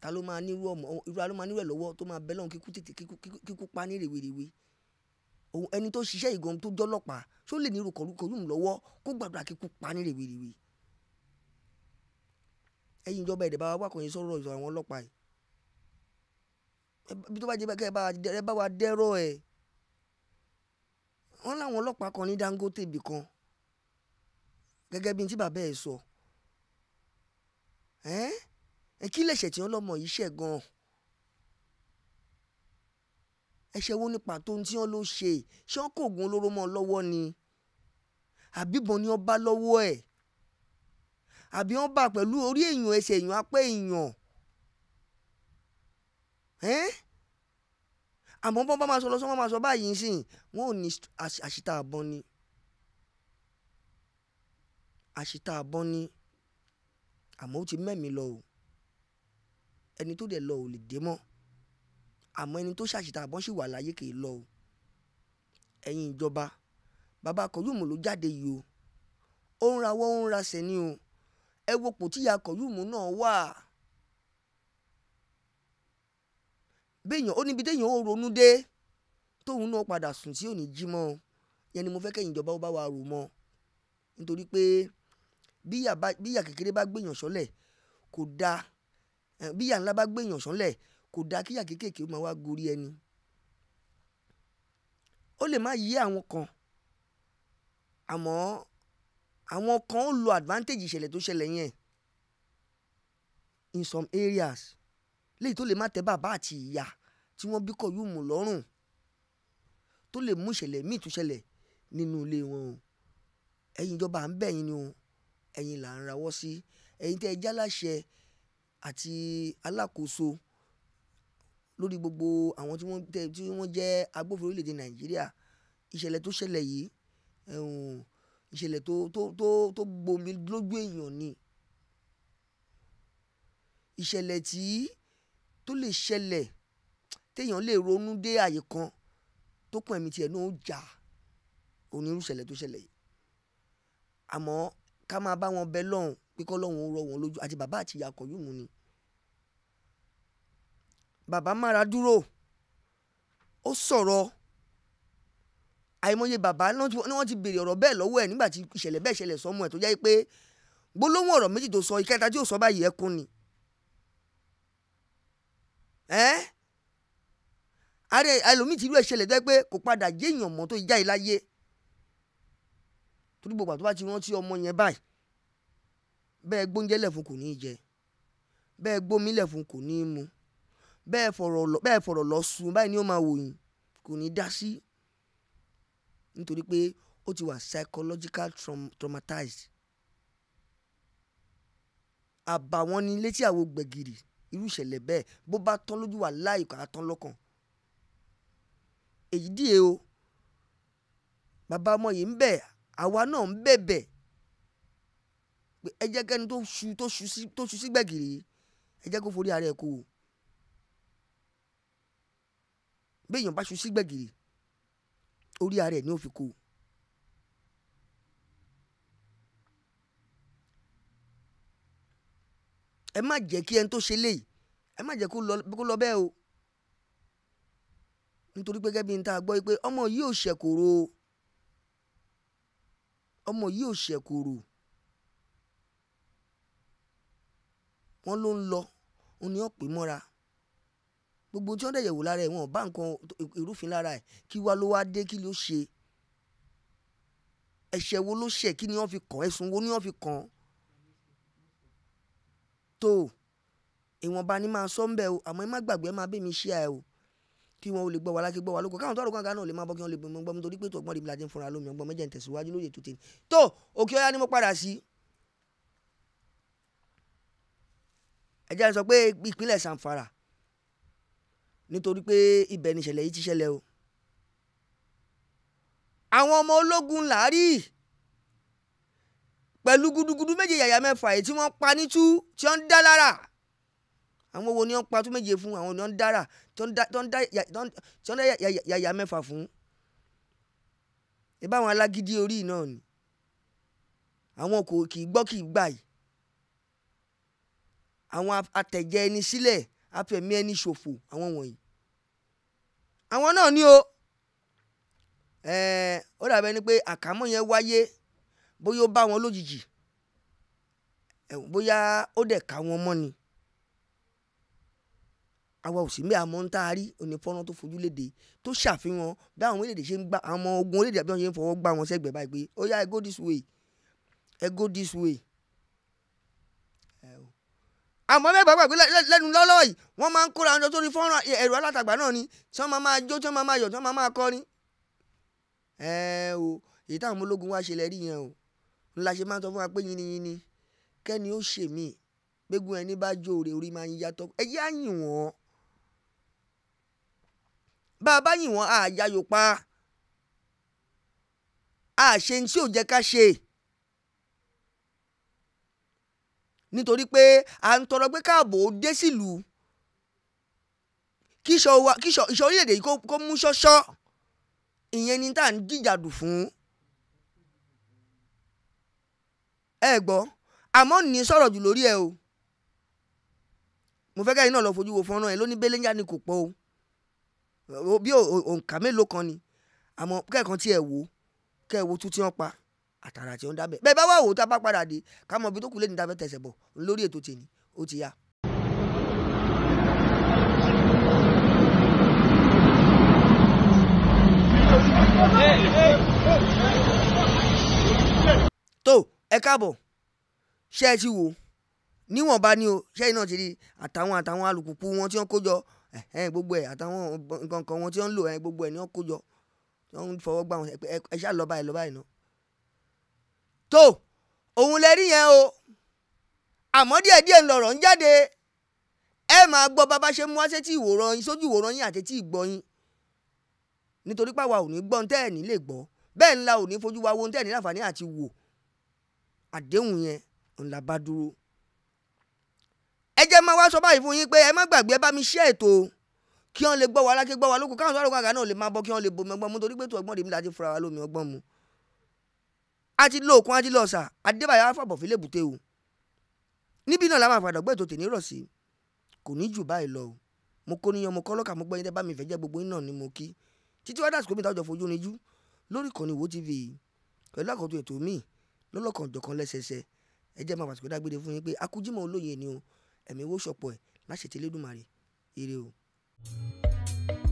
ta ló máa nírú ọmọ irú ló máa nírú ẹ̀ lọ́wọ́ tó máa bẹ lọ́hùn kíkú tètè kíkú pa ní rèwerèwe òun ẹni tó ṣiṣẹ́ ìgàn tó jọ́lọ́pàá ṣó lè nírú kọ̀rùkọ̀rùm lọ́wọ́ kó gbàdúrà kíkú pa ní rèwerèwe ẹ̀yin ìjọba ẹ̀dẹ̀ bá wa wákò yín sọ̀rọ̀ ìṣòro àwọn ọlọ́pàá yìí bí tó bá jẹ́ bẹ́ẹ̀ kẹ́ ẹ bá wa dẹ́rọ̀ ẹ̀ wọ́n láwọn ọlọ́pàá kan ní Dangote bìkan gẹ́gẹ́ bí ti bàbá ẹ̀ sọ so ẹ kí lẹ̀ṣẹ̀ tí wọ́n lọ́mọ yìí ṣẹ̀ gan-an ẹ̀ṣẹ̀ wo ni pàtó tí wọ́n ló ṣe ṣé wọ́n kò gun olóró mọ́ ọ ni àbíbọn ni wọ́n bá lọ́wọ́ ẹ̀ àbí wọ́n bá pẹ̀lú orí èèyàn ẹsẹ̀ èèyàn apá èèyàn àmọ́ bọ́n bá máa sọ lọ bá máa sọ báyìí nsìn wọn ò ní àṣìta àbọn ni àṣìta àbọn ni àmọ́ ó ti mẹ́mi lọ o ẹni tó dẹ̀ lọ ò lè dé mọ́ àmọ́ ẹni tó ṣàṣìta àbọ̀n ṣì wà láyé kì í lọ o ẹ̀yin ìjọba bàbá Koyum ló jáde yìí o ó ń rawọ́ ó ń rasẹ̀ ni o ẹ wo pò tíya náà wà béèyàn ó níbi téèyàn ó ronú dé tóun náà padà sùn tí ò jí mọ́ o yẹn ni mo fẹ́ kẹ́yìn ìjọba ó bá wa rò mọ́ nítorí pé bíyà kékeré bá gbéyàn sọ́lẹ̀ kò da bíyà ńlá bá gbéyàn sọ́lẹ̀ kò da kíyà kékèké ó máa wá gorí ẹni. ó lè má yé àwọn kan àmọ́ àwọn kan ó lo advantage ìṣẹ̀lẹ̀ tó ṣẹlẹ̀ yẹn in some areas léyìí tó lè má tẹ́ bàbá àti ìyá tí wọ́n bí kọ̀ yóò mú lọ́rùn tó lè mú ìṣẹ̀lẹ̀ míì tún ṣẹlẹ̀ nínú ilé wọn o ìjọba à ń bẹ̀ ni o ẹ̀yin là ń rawọ́ sí. Ẹ̀yin tẹ́ ẹ jáláṣẹ àti alákòóso lórí gbogbo àwọn tí wọ́n tẹ́ tí wọ́n jẹ́ agbófinró orílẹ̀-èdè Nàìjíríà. Ìṣẹ̀lẹ̀ tó ṣẹlẹ̀ yìí, ẹ̀hùn, ìṣẹ̀lẹ̀ tó, tó, tó, tó gbomi lójú èèyàn ni. Ìṣẹ̀lẹ̀ tí tó lè ṣẹlẹ̀ téèyàn lè ronú dé ààyè kan tó kàn ẹ̀mí tiẹ̀ náà ó jà. Òun ìṣẹ̀lẹ̀ tó ṣẹlẹ̀ yìí. Àmọ́ ká máa bá wọn bẹ lọ́hùn pé kọ́ lọ́hùn ó rọ wọn lójú àti bàbá àti ìyá Koyumu ni. bàbá mára dúró ó sọ̀rọ̀ àìmọye bàbá ni wọ́n ti béèrè ọ̀rọ̀ bẹ́ẹ̀ lọ́wọ́ ẹ̀ nígbà tí ìṣẹ̀lẹ̀ bẹ́ẹ̀ ṣẹlẹ̀ sọ́mọ ẹ̀ tó jẹ́ pé gbólóhùn ọ̀rọ̀ méjì tó sọ ìkẹta tí ò sọ báyìí ẹkún ni. ààrẹ ẹlòmíì ti irú ẹ̀ ṣẹlẹ̀ tó jẹ́ pé kò padà jẹ́ èèyàn mọ́ tó jáde láyé torí gbogbo àti tó bá ti rántí ọmọ yẹn báyìí bẹ́ẹ̀ gbóúnjẹ lẹ̀fun kò ní í jẹ bẹ́ẹ̀ gbómi lẹ̀fun kò ní í mu bẹ́ẹ̀ fọ̀rọ̀ lọ sùn báyìí ni ó máa wòyìn kò ní í dá sí nítorí pé ó ti wà psychological traum traumatized àbàwọ́n ni létí àwo gbẹ̀gìrì irú ìṣẹ̀lẹ̀ bẹ́ẹ̀ bó bá tán lójú wà láì kàá tán lọ́kàn èyí díẹ̀ e o bàbá ọmọ yìí ń bẹ̀ àwa náà ń bẹ̀bẹ̀ pé ẹ jẹ́ kẹ́ni tó ṣu tó ṣu sí tó ṣu sí gbẹ̀gìrì yìí ẹ jẹ́ kó forí ara ẹ̀ kó o béèyàn bá ṣu sí orí ara ẹ̀ ni ó fi kó o. ẹ má jẹ́ kí ẹni tó ṣe léyìí ẹ má jẹ́ kó lọ bẹ́ẹ̀ o nítorí pé gẹ́gẹ́ bí n ta gbọ́ pé ọmọ yìí ò ṣẹ̀kòrò o ọmọ yìí ò ṣẹ̀kòrò wọ́n ló ń lọ òun ni wọ́n pè mọ́ra gbogbo tí wọ́n dẹ̀ yẹ̀wò lára ẹ̀ wọ́n bá nǹkan ìrúfin lára ẹ̀ kí wá ló wá dé kí ló ṣe ẹ̀ṣẹ̀ wo ló ṣẹ̀ kí ni wọ́n fi kàn ẹ̀sùn wo ni wọ́n fi kàn tó ìwọ̀nba ni máa sọ ń bẹ̀ o àmọ́ ẹ má gbàgbé ẹ má bẹ̀ mí ṣíà ẹ o kí wọn ò lè gbọ́ wa láti gbọ́ wa lóko káwọn tọrọ kankan náà lè máa bọ́ kí wọn lè gbọ́ gbọ́ nítorí pé tó ọgbọ́n rí mi láti ń fúnra lómi ọgbọ́n méjì ń lóye tó tèmi tó òkè ọ̀yá ni mo padà sí. ẹ jẹ́ sọ pé ìpínlẹ̀ sanfara nítorí pé ibẹ̀ ni ìṣẹ̀lẹ̀ yìí ti ṣẹlẹ̀ o. àwọn ọmọ ológun làárí pẹ̀lú gudugudu méje yàyà mẹ́fà èyí tí wọ́n pa nítú tí wọ́n ń dá lára àwọn wo ni wọ́n pa tó méje fún àwọn ni wọ́n dára tó ń dá yàyà mẹ́fà fún ìbá àwọn alágídí orí náà ni àwọn kò kì í gbọ́ kì í gbà yìí àwọn atẹ̀jẹ ẹni sílẹ̀ afẹ̀mí ẹni ṣòfò àwọn wọ̀nyí àwọn náà ni o ó dàbẹ̀ ni pé àkámọ́ yẹn wáyé bóyá ó bá wọn lójijì bóyá ó dẹ̀ ká wọn mọ́ ni àwa ò sí mbẹ́ àmọ́ ń rí òní fọ́nrán tó fojú léde tó ṣàfihàn bí àwọn orílẹ̀-èdè ṣe ń gbà àwọn ogun orílẹ̀-èdè àbí wọn ṣe ń fọwọ́ gbà wọn sẹ́gbẹ̀ẹ́ báyìí pé ó yá ẹ go this way ẹ go this way. àmọ́ mẹ́gbàá gbàgbé lẹ́nu lọ́lọ́ yìí wọ́n máa ń kóra ọjọ́ tó ní fọ́nrán ẹ̀rọ alátagbà náà ni tí wọ́n máa máa jó tí wọ́n máa máa yọ̀ tí wọ́n máa máa kọrin. ẹ o èyí táwọn ológun wá ṣe ẹ yá yìn bá a bá yìn wọ́n àyàyò pa àṣe tí ò jẹ́ ká ṣe nítorí pé à ń tọrọ pé káàbò dé sílùú kí ìṣọ orílẹ̀-èdè yìí kó mú ṣọ́ṣọ́ ìyẹn ni tá à ń jìjàdù fún ẹ gbọ́ àmọ́ ní sọ̀rọ̀ jù lórí ẹ o mo fẹ́ kẹ́yìn náà lọ fojú wo fọ́nrán ẹ ló ní ni kò pọ̀ o bí òǹkà mélòó kan ni àmọ́ kẹ́ẹ̀kan tí ẹ wò kẹ́ẹ̀ wo tún tí wọ́n pa àtàrà tí wọ́n dábẹ̀ bẹ́ẹ̀ bá wà wò tá a bá padà dé ká mọ ibi tó kù lé ní ta fẹ́ tẹ̀sẹ̀ bọ̀ lórí ètò tèmi ó ti yá. tó ẹ káàbọ̀ ṣé ẹ ti wò níwọ̀nba ni o ṣé iná ti rí àtàwọn àtàwọn alùpùpù wọn tí wọ́n kó jọ gbogbo ẹ̀ àtàwọn nǹkan kan wọn tí wọ́n ń lò gbogbo ẹ̀ ni wọ́n kó jọ wọ́n ń fọwọ́ gbà wọn ẹ ṣáà lọ báyìí lọ báyìí ná. tó òun lè rí yẹn o àmọ́ díẹ̀ díẹ̀ ń lọ̀rọ̀ ń jáde ẹ máa gbọ́ bàbá ṣe mú wáṣẹ́ tí ìwòran yín sójú ìwòran yín àti tí ìgbọ́ yín nítorí pàwa ò ní gbọ́ ntẹ́ ẹ̀ ní lè gbọ́ bẹ́ẹ̀ ńlá ò ní fojú wa wo ntẹ́ ẹ̀ ní láǹfààní àti wò àdéhùn yẹn ńlá bá dúró ẹ jẹ́ máa wá sọ báyìí fún yín pé ẹ má gbàgbé ẹ bá mi share ètò kí wọ́n lè gbọ́ wa lákè gbọ́ wa lóko káwọn sọ́dọ̀ àgá náà lè máa bọ́ kí wọ́n lè bomi ọgbọ́n mu torí pé tó ọgbọ́n rèmi láti fura wa lómi ọgbọ́n mu. a ti lo òkun a ti lọ ọ̀sà adébáyọ̀ afọ̀bọ̀ fi lébùté o níbí náà la máa fàdọ̀ gbé ètò tèmi rọ̀ sí kò ní jù báyìí lọ mo kó níyan mo kọ́ lọ́kà mo gbẹ́yìn tẹ́ bá mi fẹ́ jẹ́ gbogbo ni mo kí títí wàá dàsíkò mi táwọn jọ fojú rinjú lórí ìkànnì wo tv pẹ̀lú àkọ́tún ètò míì lọ́lọ́kan òjọ̀kan lẹ́sẹsẹ ẹ ẹ̀mí wó ṣọ̀pọ̀ ẹ̀ láṣẹ ti Elédùmarè ire o. thank you